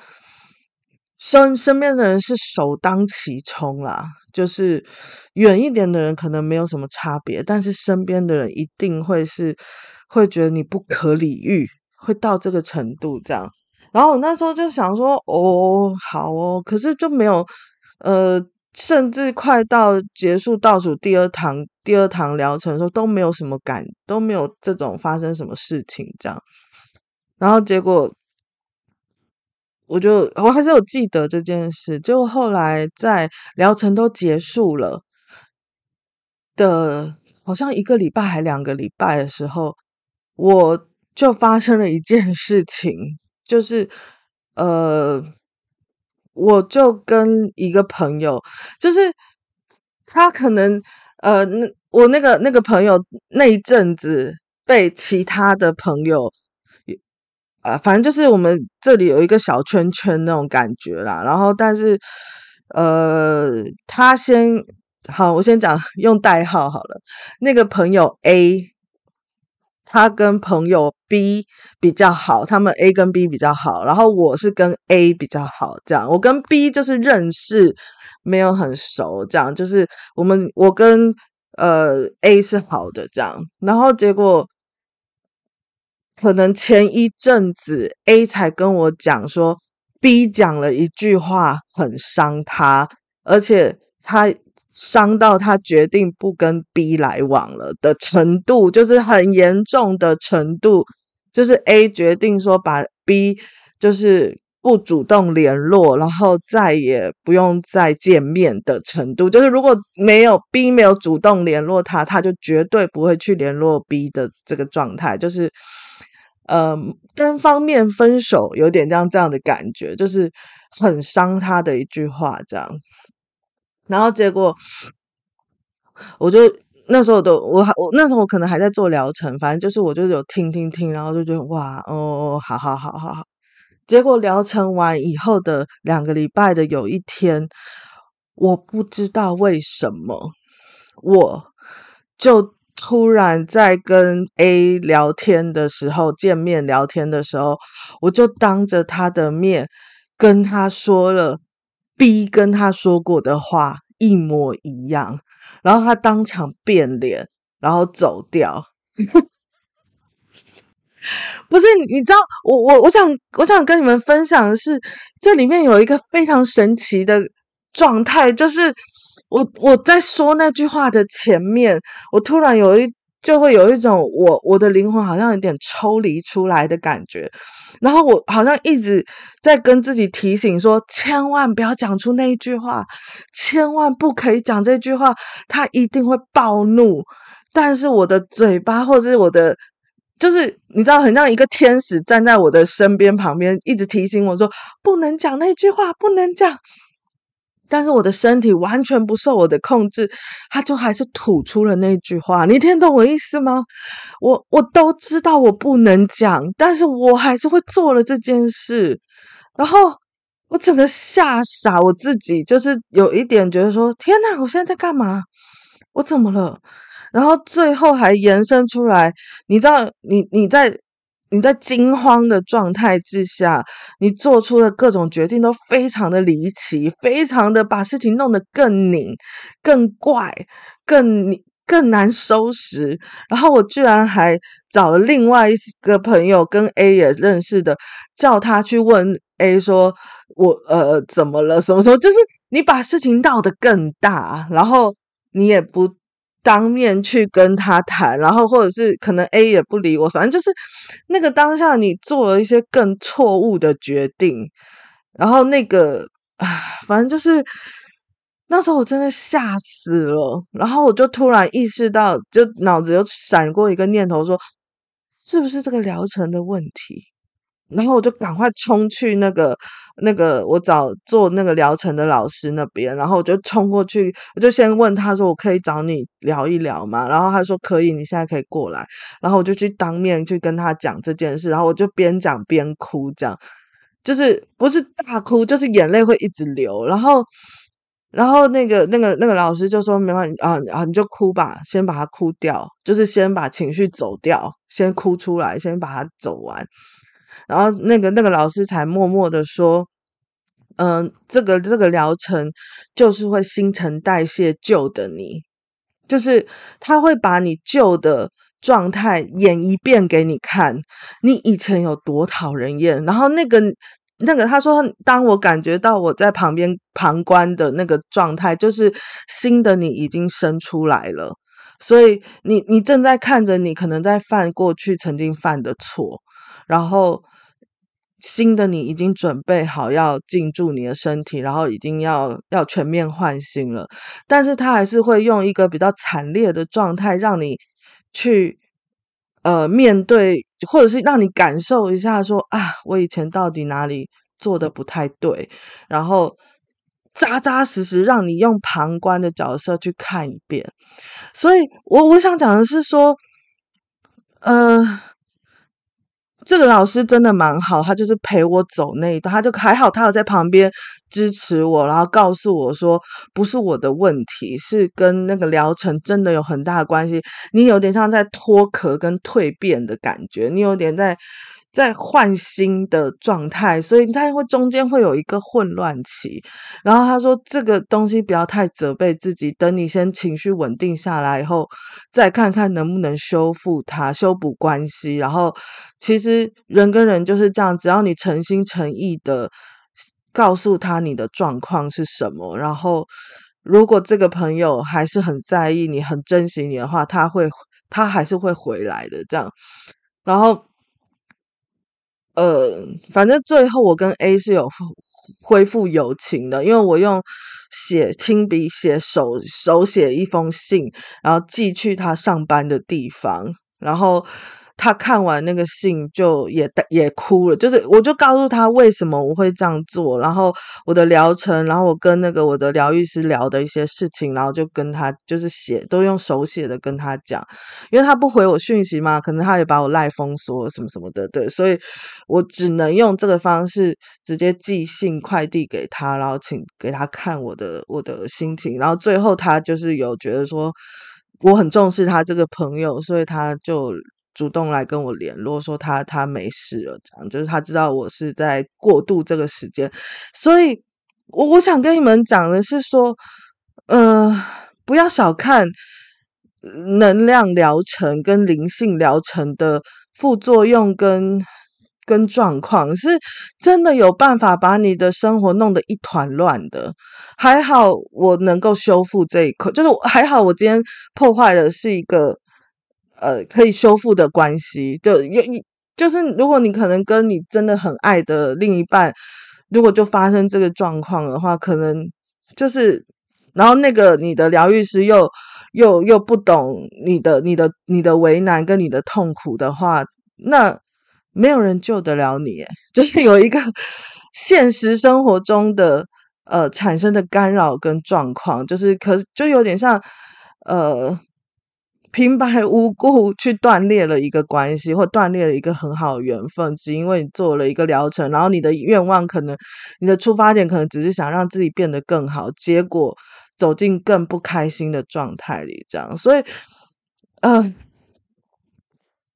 身身邊的人是首當其衝啦，就是遠一點的人可能沒有什麼差別，但是身邊的人一定會是會覺得你不可理喻，會到這個程度這樣。然後我那時候就想說，哦，好哦，可是就沒有，呃,甚至快到結束倒數第二堂、第二堂療程的時候都沒有什麼感，都沒有這種發生什麼事情這樣。然後結果，我就我還是有記得這件事。結果後來在療程都結束了的，好像一個禮拜還兩個禮拜的時候，我就發生了一件事情。就是，呃，我就跟一個朋友，就是他可能，呃，那我那個那個朋友那一陣子被其他的朋友，啊、呃，反正就是我們這裡有一個小圈圈那種感覺啦。然後，但是，呃，他先，好，我先講，用代號好了，那個朋友 A。他跟朋友 B 比較好，他們 A 跟 B 比較好，然後我是跟 A 比較好，這樣我跟 B 就是認識沒有很熟，這樣就是我們我跟呃 A 是好的這樣，然後結果可能前一陣子 A 才跟我講說 B 講了一句話很傷他，而且他。傷到他決定不跟 B 來往了的程度，就是很嚴重的程度，就是 A 決定說把 B 就是不主動聯絡，然後再也不用再見面的程度，就是如果沒有 B 沒有主動聯絡他，他就絕對不會去聯絡 B 的這個狀態，就是嗯，呃、單方面分手，有點像這樣的感覺，就是很傷他的一句話，這樣。然後結果，我就那時候我都我我那時候我可能還在做療程，反正就是我就有聽聽聽，然後就覺得哇哦，好好好好好。結果療程完以後的兩個禮拜的有一天，我不知道為什麼，我就突然在跟 A 聊天的時候，見面聊天的時候，我就當着他的面跟他說了。第一跟他說過的話一模一樣，然後他當場變臉，然後走掉。 <laughs> 不是，你知道，我我我想我想跟你們分享的是，這裡面有一個非常神奇的狀態，就是我我在說那句話的前面，我突然有一。就會有一種我我的靈魂好像有點抽離出來的感覺，然後我好像一直在跟自己提醒說，千萬不要講出那一句話，千萬不可以講這句話，他一定會暴怒。但是我的嘴巴或者是我的，就是你知道，很像一個天使站在我的身邊旁邊，一直提醒我說，不能講那句話，不能講。但是我的身體完全不受我的控制，他就還是吐出了那句話。你聽懂我意思嗎？我我都知道我不能講，但是我還是會做了這件事。然後我整個嚇傻我自己，就是有一點覺得說：天哪，我現在在幹嘛？我怎麼了？然後最後還延伸出來，你知道，你你在。你在驚慌的狀態之下，你做出的各種決定都非常的離奇，非常的把事情弄得更擰、更怪、更更難收拾。然後我居然還找了另外一個朋友跟 A 也認識的，叫他去問 A 說：“我呃怎麼了？什麼時候？”就是你把事情鬧得更大，然後你也不。當面去跟他談，然後或者是可能 A 也不理我，反正就是那個當下，你做了一些更錯誤的決定，然後那個啊，反正就是那時候我真的嚇死了，然後我就突然意識到，就腦子有閃過一個念頭說，說是不是這個療程的問題？然後我就趕快衝去那個。那個，我找做那個療程的老師那邊，然後我就衝過去，我就先問他說：“我可以找你聊一聊嗎？”然後他說：“可以，你現在可以過來。”然後我就去當面去跟他講這件事，然後我就邊講邊哭，這樣就是不是大哭，就是眼淚會一直流。然後，然後那個那個那個老師就說：“沒關係啊，你就哭吧，先把他哭掉，就是先把情緒走掉，先哭出來，先把他走完。”然後那個那個老師才默默的說：“嗯、呃，這個這個療程就是會新陳代謝舊的你，就是他會把你舊的狀態演一遍給你看，你以前有多討人厭。然後那個那個他說，當我感覺到我在旁邊旁觀的那個狀態，就是新的你已經生出來了，所以你你正在看着你可能在犯過去曾經犯的錯，然後。”新的你已經準備好要進駐你的身體，然後已經要要全面喚醒了，但是他還是會用一個比較慘烈的狀態讓你去呃面對，或者是讓你感受一下說啊，我以前到底哪裡做的不太對，然後扎扎實實讓你用旁觀的角色去看一遍。所以我我想講的是說，嗯、呃。這個老師真的蠻好，他就是陪我走那一段，他就還好，他有在旁邊支持我，然後告訴我說不是我的問題，是跟那個療程真的有很大的關係。你有點像在脫殼跟蛻變的感覺，你有點在。在換新的狀態，所以他會中間會有一個混亂期。然後他說：“這個東西不要太責備自己，等你先情緒穩定下來以後，再看看能不能修復它，修補關係。然後其實人跟人就是這樣，只要你誠心誠意的告訴他你的狀況是什麼，然後如果這個朋友還是很在意你、很珍惜你的話，他會他還是會回來的。這樣，然後。”呃，反正最後我跟 A 是有恢復友情的，因為我用寫親筆寫手手寫一封信，然後寄去他上班的地方，然後。他看完那個信就也也哭了，就是我就告訴他為什麼我會這樣做，然後我的療程，然後我跟那個我的療癒師聊的一些事情，然後就跟他就是寫都用手寫的跟他講，因為他不回我訊息嘛，可能他也把我賴封鎖什麼什麼的，對，所以我只能用這個方式直接寄信快遞給他，然後請給他看我的我的心情，然後最後他就是有覺得說我很重視他這個朋友，所以他就。主動來跟我聯絡說他他沒事了，這樣就是他知道我是在過渡這個時間，所以我我想跟你們講的是說，嗯，呃，不要小看能量療程跟靈性療程的副作用跟跟狀況，是真的有辦法把你的生活弄得一團亂的。還好我能夠修復這一塊，就是還好我今天破壞的是一個。呃，可以修復的關係，就有就是，如果你可能跟你真的很愛的另一半，如果就發生這個狀況的話，可能就是，然後那個你的療癒師又又又不懂你的你的你的為難跟你的痛苦的話，那沒有人救得了你，就是有一個 <laughs> 現實生活中的呃產生的干擾跟狀況，就是可就有點像呃。平白無故去斷裂了一個關係，或斷裂了一個很好的緣分，只因為你做了一個療程，然後你的願望可能，你的出發點可能只是想讓自己變得更好，結果走進更不開心的狀態裡，這樣。所以，嗯、呃，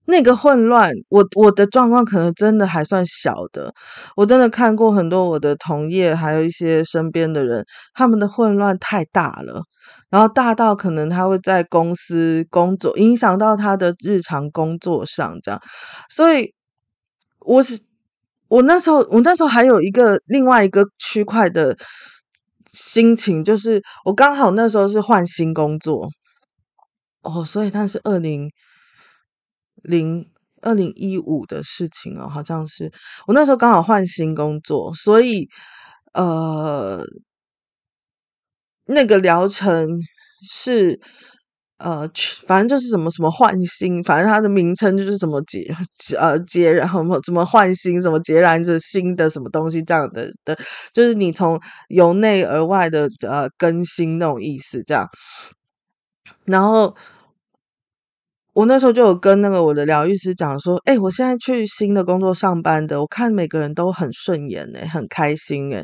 那個混亂，我我的狀況可能真的還算小的，我真的看過很多我的同業，還有一些身邊的人，他們的混亂太大了。然後大到可能他會在公司工作，影響到他的日常工作上這樣，所以我是我那時候，我那時候還有一個另外一個區塊的心情，就是我剛好那時候是換新工作哦，所以那是二零零二零一五的事情哦，好像是我那時候剛好換新工作，所以呃。那個療程是呃，反正就是什麼什麼換新，反正它的名稱就是什麼結，結呃結，然後怎麼換新，什麼結然子新的什麼東西這樣的的，就是你從由內而外的呃更新那種意思這樣。然後我那時候就有跟那個我的療癒師講說，哎、欸，我現在去新的工作上班的，我看每個人都很順眼誒，很開心誒。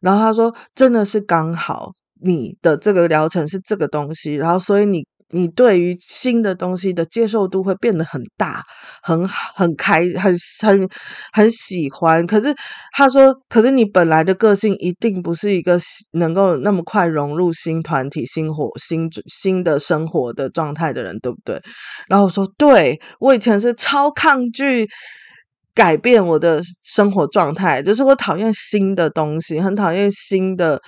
然後他說，真的是剛好。你的這個療程是這個東西，然後所以你你對於新的東西的接受度會變得很大，很很開，很很很喜歡。可是他說，可是你本來的個性一定不是一個能夠那麼快融入新團體、新活、新新的生活的狀態的人，對不對？然後我說，對我以前是超抗拒改變我的生活狀態，就是我討厭新的東西，很討厭新的。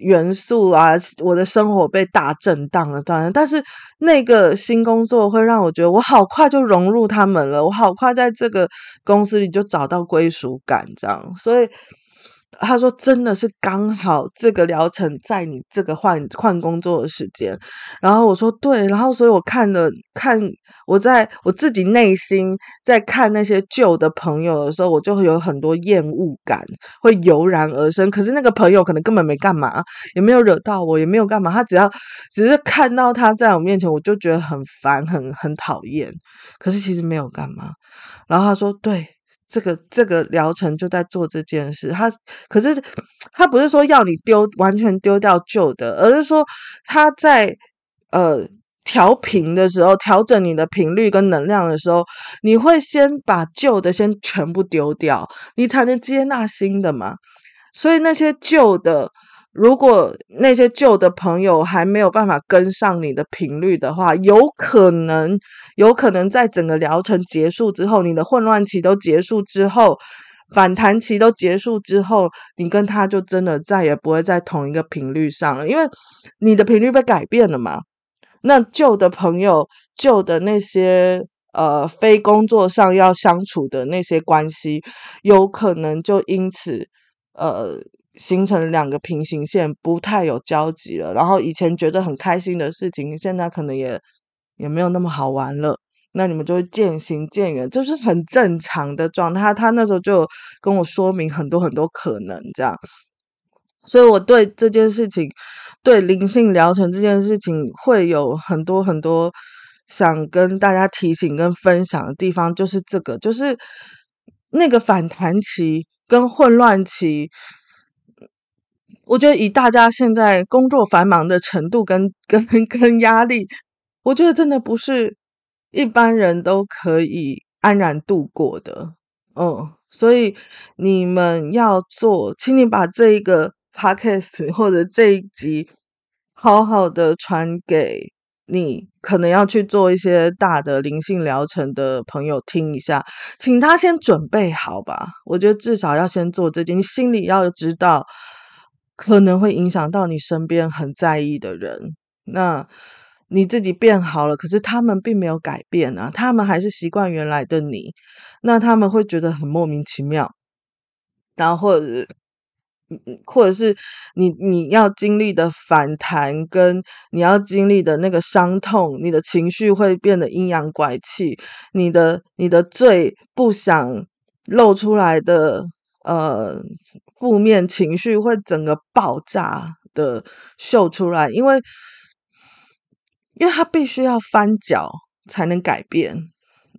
元素啊，我的生活被大震盪了，當然，但是那個新工作會讓我覺得我好快就融入他們了，我好快在這個公司裡就找到歸屬感，這樣，所以。他說：“真的是剛好這個療程在你這個換換工作的時間。”然後我說：“對。”然後所以我看了看，我在我自己內心在看那些舊的朋友的時候，我就會有很多厭惡感會油然而生。可是那個朋友可能根本沒幹嘛，也沒有惹到我，也沒有幹嘛。他只要只是看到他在我面前，我就覺得很煩，很很討厭。可是其實沒有幹嘛。然後他說：“對。”這個這個療程就在做這件事，他可是他不是說要你丟完全丟掉舊的，而是說他在呃調頻的時候，調整你的頻率跟能量的時候，你會先把舊的先全部丟掉，你才能接納新的嘛。所以那些舊的。如果那些舊的朋友還沒有辦法跟上你的頻率的話，有可能，有可能在整個療程結束之後，你的混亂期都結束之後，反彈期都結束之後，你跟他就真的再也不會在同一個頻率上了，因為你的頻率被改變了嘛。那舊的朋友，舊的那些呃非工作上要相處的那些關係，有可能就因此呃。形成兩個平行線，不太有交集了。然後以前覺得很開心的事情，現在可能也也沒有那麼好玩了。那你們就會漸行漸遠，就是很正常的狀態。他，他那時候就跟我說明很多很多可能這樣，所以我對這件事情，對靈性療程這件事情，會有很多很多想跟大家提醒跟分享的地方，就是這個，就是那個反彈期跟混亂期。我覺得以大家現在工作繁忙的程度跟跟跟壓力，我覺得真的不是一般人都可以安然度過的。嗯，所以你們要做，請你把這一個 Podcast 或者這一集好好的傳給你可能要去做一些大的靈性療程的朋友聽一下，請他先準備好吧。我覺得至少要先做這件，你心裡要知道。可能會影響到你身邊很在意的人。那你自己變好了，可是他們並沒有改變啊，他們還是習慣原來的你。那他們會覺得很莫名其妙。然後或者，或者是你你要經歷的反彈，跟你要經歷的那個傷痛，你的情緒會變得陰陽怪氣。你的你的最不想露出來的呃。負面情緒會整個爆炸的秀出來，因為因為他必須要翻攪才能改變，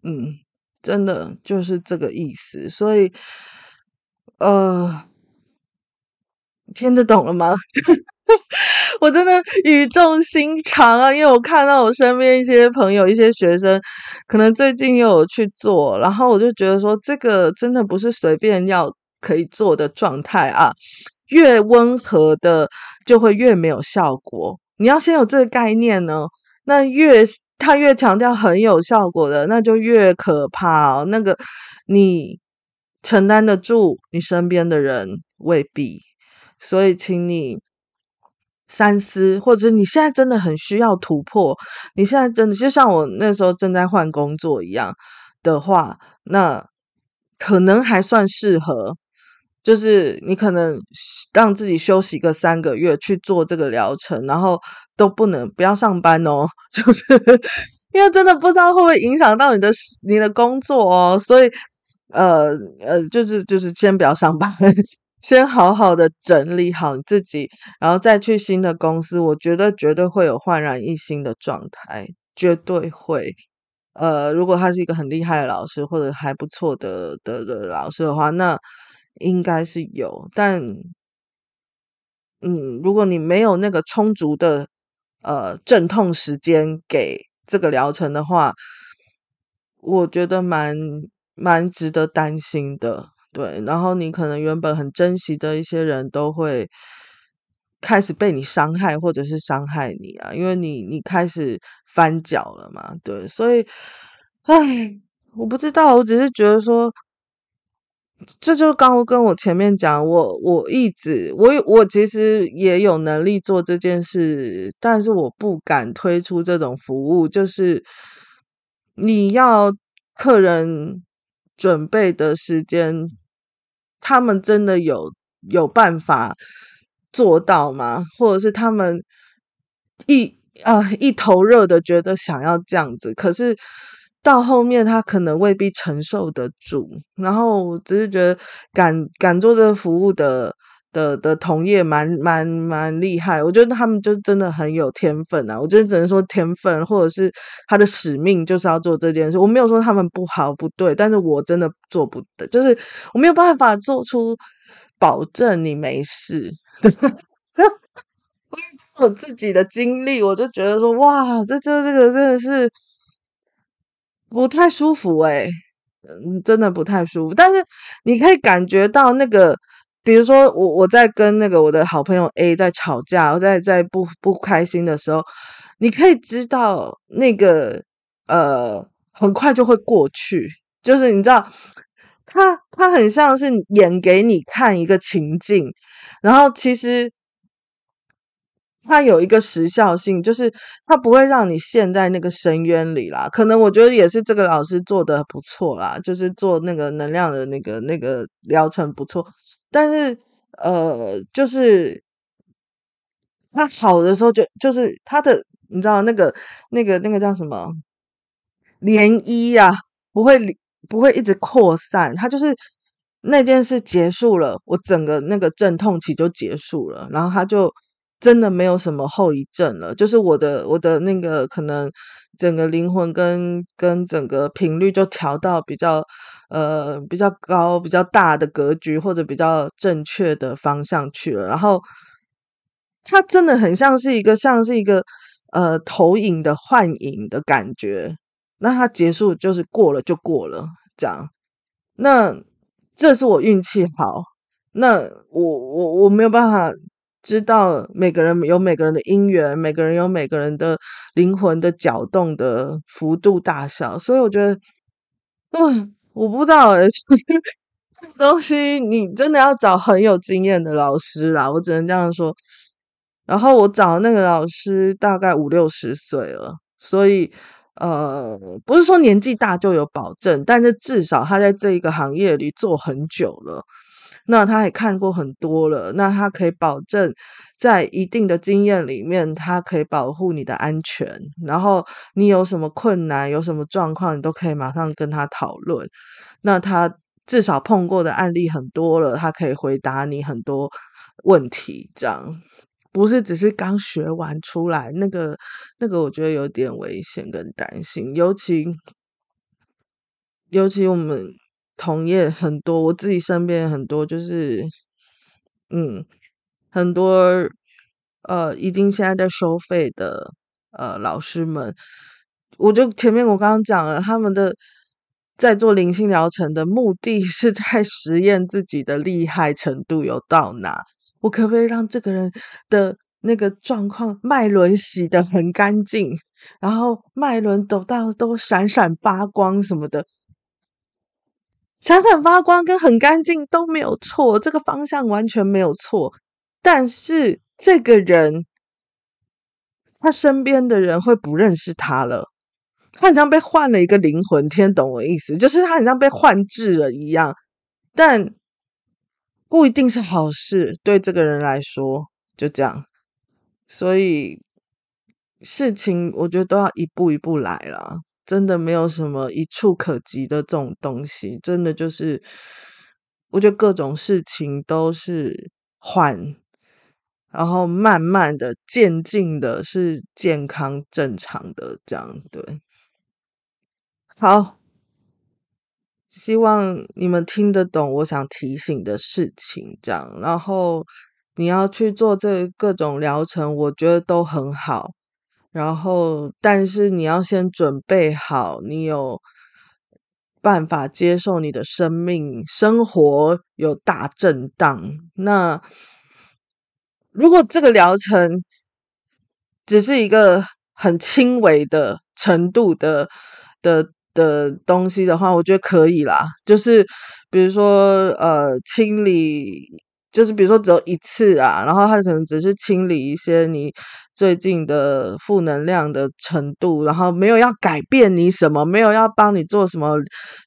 嗯，真的就是這個意思。所以，呃，你聽得懂了嗎？ <laughs> 我真的語重心長啊，因為我看到我身邊一些朋友、一些學生，可能最近又有去做，然後我就覺得說，這個真的不是隨便要。可以做的狀態啊，越溫和的就會越沒有效果。你要先有這個概念呢。那越他越強調很有效果的，那就越可怕哦。那個你承擔得住，你身邊的人未必。所以，請你三思，或者是你現在真的很需要突破，你現在真的就像我那時候正在換工作一樣的話，那可能還算適合。就是你可能讓自己休息個三個月去做這個療程，然後都不能不要上班哦，就是因為真的不知道會不會影響到你的你的工作哦，所以呃呃，就是就是先不要上班，先好好的整理好你自己，然後再去新的公司，我覺得絕對會有煥然一新的狀態，絕對會。呃，如果他是一個很厲害的老師或者還不錯的的的老師的話，那。應該是有，但嗯，如果你沒有那個充足的呃陣痛時間給這個療程的話，我覺得蠻蠻值得擔心的。對，然後你可能原本很珍惜的一些人都會開始被你傷害，或者是傷害你啊，因為你你開始翻攪了嘛，對，所以唉，我不知道，我只是覺得說。這就剛剛跟我前面講，我我一直我我其實也有能力做這件事，但是我不敢推出這種服務。就是你要客人準備的時間，他們真的有有辦法做到嗎？或者是他們一啊、呃、一頭熱的覺得想要這樣子，可是。到後面他可能未必承受得住，然後我只是覺得敢敢做這個服務的的的同業蠻蠻蠻蠻厲害，我覺得他們就真的很有天分啊！我覺得只能說天分，或者是他的使命就是要做這件事。我沒有說他們不好不對，但是我真的做不得，就是我沒有辦法做出保證你沒事。 <laughs> 我自己的經歷，我就覺得說哇，這這這個真的是。不太舒服欸，嗯，真的不太舒服。但是你可以感覺到那個，比如說我我在跟那個我的好朋友 A 在吵架，我在在不不開心的時候，你可以知道那個呃，很快就會過去。就是你知道，他他很像是演給你看一個情境，然後其實。它有一個時效性，就是它不會讓你陷在那個深淵裡啦。可能我覺得也是這個老師做的不錯啦，就是做那個能量的那個那個療程不錯。但是呃，就是它好的時候就就是它的，你知道那個那個那個叫什麼漣漪啊，不會不會一直擴散。它就是那件事結束了，我整個那個陣痛期就結束了，然後它就。真的沒有什麼後遺症了，就是我的我的那個可能整個靈魂跟跟整個頻率就調到比較呃、比較高比較大的格局或者比較正確的方向去了，然後它真的很像是一個像是一個呃投影的幻影的感覺，那它結束就是過了就過了這樣，那這是我運氣好，那我我我沒有辦法知道每個人有每個人的因緣，每個人有每個人的靈魂的攪動的幅度大小，所以我覺得，嗯，我不知道，就是，是東西，你真的要找很有經驗的老師啦，我只能這樣說。然後我找的那個老師大概五六十歲了，所以呃，不是說年紀大就有保證，但是至少他在這一個行業裡做很久了。那他也看過很多了，那他可以保證在一定的經驗裡面，他可以保護你的安全。然後你有什麼困難、有什麼狀況，你都可以馬上跟他討論。那他至少碰過的案例很多了，他可以回答你很多問題。這樣不是只是剛學完出來，那個，那個，那個、我覺得有點危險跟擔心，尤其尤其我們。同業很多，我自己身邊很多，就是，嗯，很多呃，已經現在在收費的呃老師們，我就前面我剛剛講了，他們的在做靈性療程的目的是在實驗自己的厲害程度有到哪，我可不可以讓這個人的那個狀況脈輪洗得很乾淨，然後脈輪抖到都閃閃發光什麼的。閃閃發光跟很乾淨都沒有錯，這個方向完全沒有錯。但是這個人，他身邊的人會不認識他了，他好像被換了一個靈魂。聽懂我的意思？就是他好像被換質了一樣，但不一定是好事，對這個人來說就這樣。所以事情我覺得都要一步一步來了。真的沒有什麼一蹴可幾的這種東西，真的就是，我覺得各種事情都是緩，然後慢慢的漸進的，是健康正常的這樣對。好，希望你們聽得懂我想提醒的事情，這樣，然後你要去做這各種療程，我覺得都很好。然後，但是你要先準備好，你有辦法接受你的生命、生活有大震盪。那如果這個療程只是一個很輕微的程度的的的東西的話，我覺得可以啦。就是比如說，呃，清理。就是比如說只有一次啊，然後他可能只是清理一些你最近的負能量的程度，然後沒有要改變你什麼，沒有要幫你做什麼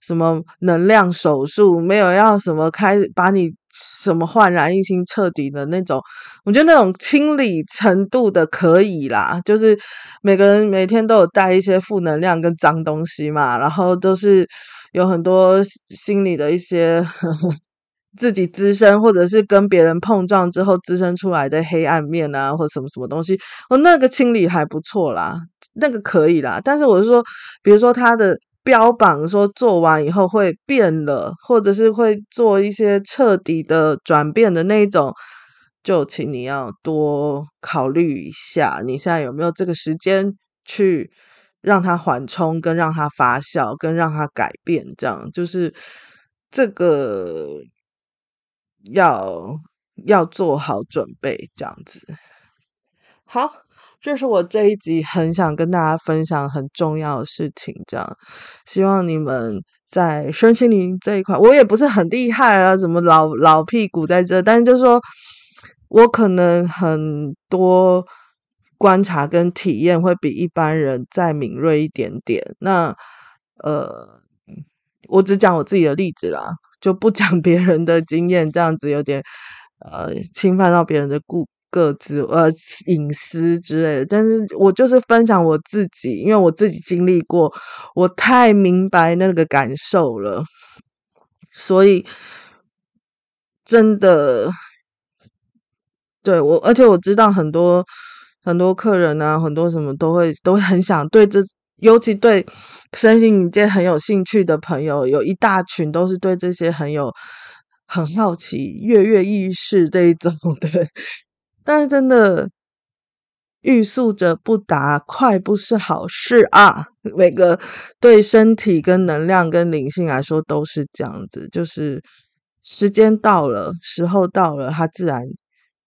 什麼能量手術，沒有要什麼開把你什麼煥然一新徹底的那種。我覺得那種清理程度的可以啦，就是每個人每天都有帶一些負能量跟髒東西嘛，然後都是有很多心裡的一些呵呵自己滋生，或者是跟別人碰撞之後滋生出來的黑暗面啊，或者什麼什麼東西，我、哦、那個清理還不錯啦，那個可以啦。但是我是說，比如說他的標榜說做完以後會變了，或者是會做一些徹底的轉變的那一種，就請你要多考慮一下，你現在有沒有這個時間去讓它緩衝，跟讓它發酵，跟讓它改變，這樣就是這個。要要做好準備，這樣子。好，這、就是我這一集很想跟大家分享很重要的事情。這樣，希望你們在身心靈這一塊，我也不是很厲害啊，怎麼老老屁股在這？但是就是說，我可能很多觀察跟體驗會比一般人再敏銳一點點。那呃，我只講我自己的例子啦。就不講別人的經驗，這樣子有點呃侵犯到別人的故個子呃隱私之類的。但是我就是分享我自己，因為我自己經歷過，我太明白那個感受了，所以真的對我，而且我知道很多很多客人啊，很多什麼都會都很想對這，尤其對。相信你，這些很有興趣的朋友，有一大群都是對這些很有很好奇、躍躍欲試這一種，對。但是，真的欲速則不達，快不是好事啊。每個對身體、跟能量、跟靈性來說，都是這樣子。就是時間到了，時候到了，它自然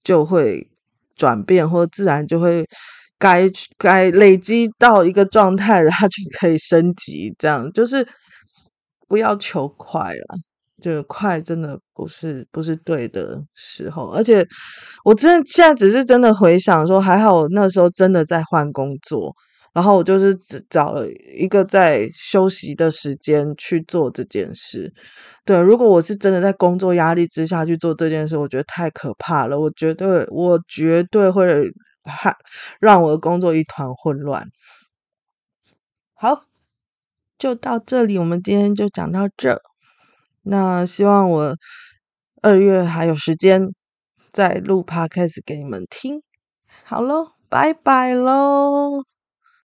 就會轉變，或自然就會。改改累積到一個狀態，然後就可以升級。這樣就是不要求快了，啊，就是快真的不是不是對的時候。而且，我真現在只是真的回想說，還好我那時候真的在換工作，然後我就是只找了一個在休息的時間去做這件事。對，如果我是真的在工作壓力之下去做這件事，我覺得太可怕了。我絕對，我絕對會。哈，讓我的工作一團混亂。好，就到這裡，我們今天就講到這。那希望我二月還有時間再錄 Podcast 給你們聽。好嘍，拜拜嘍。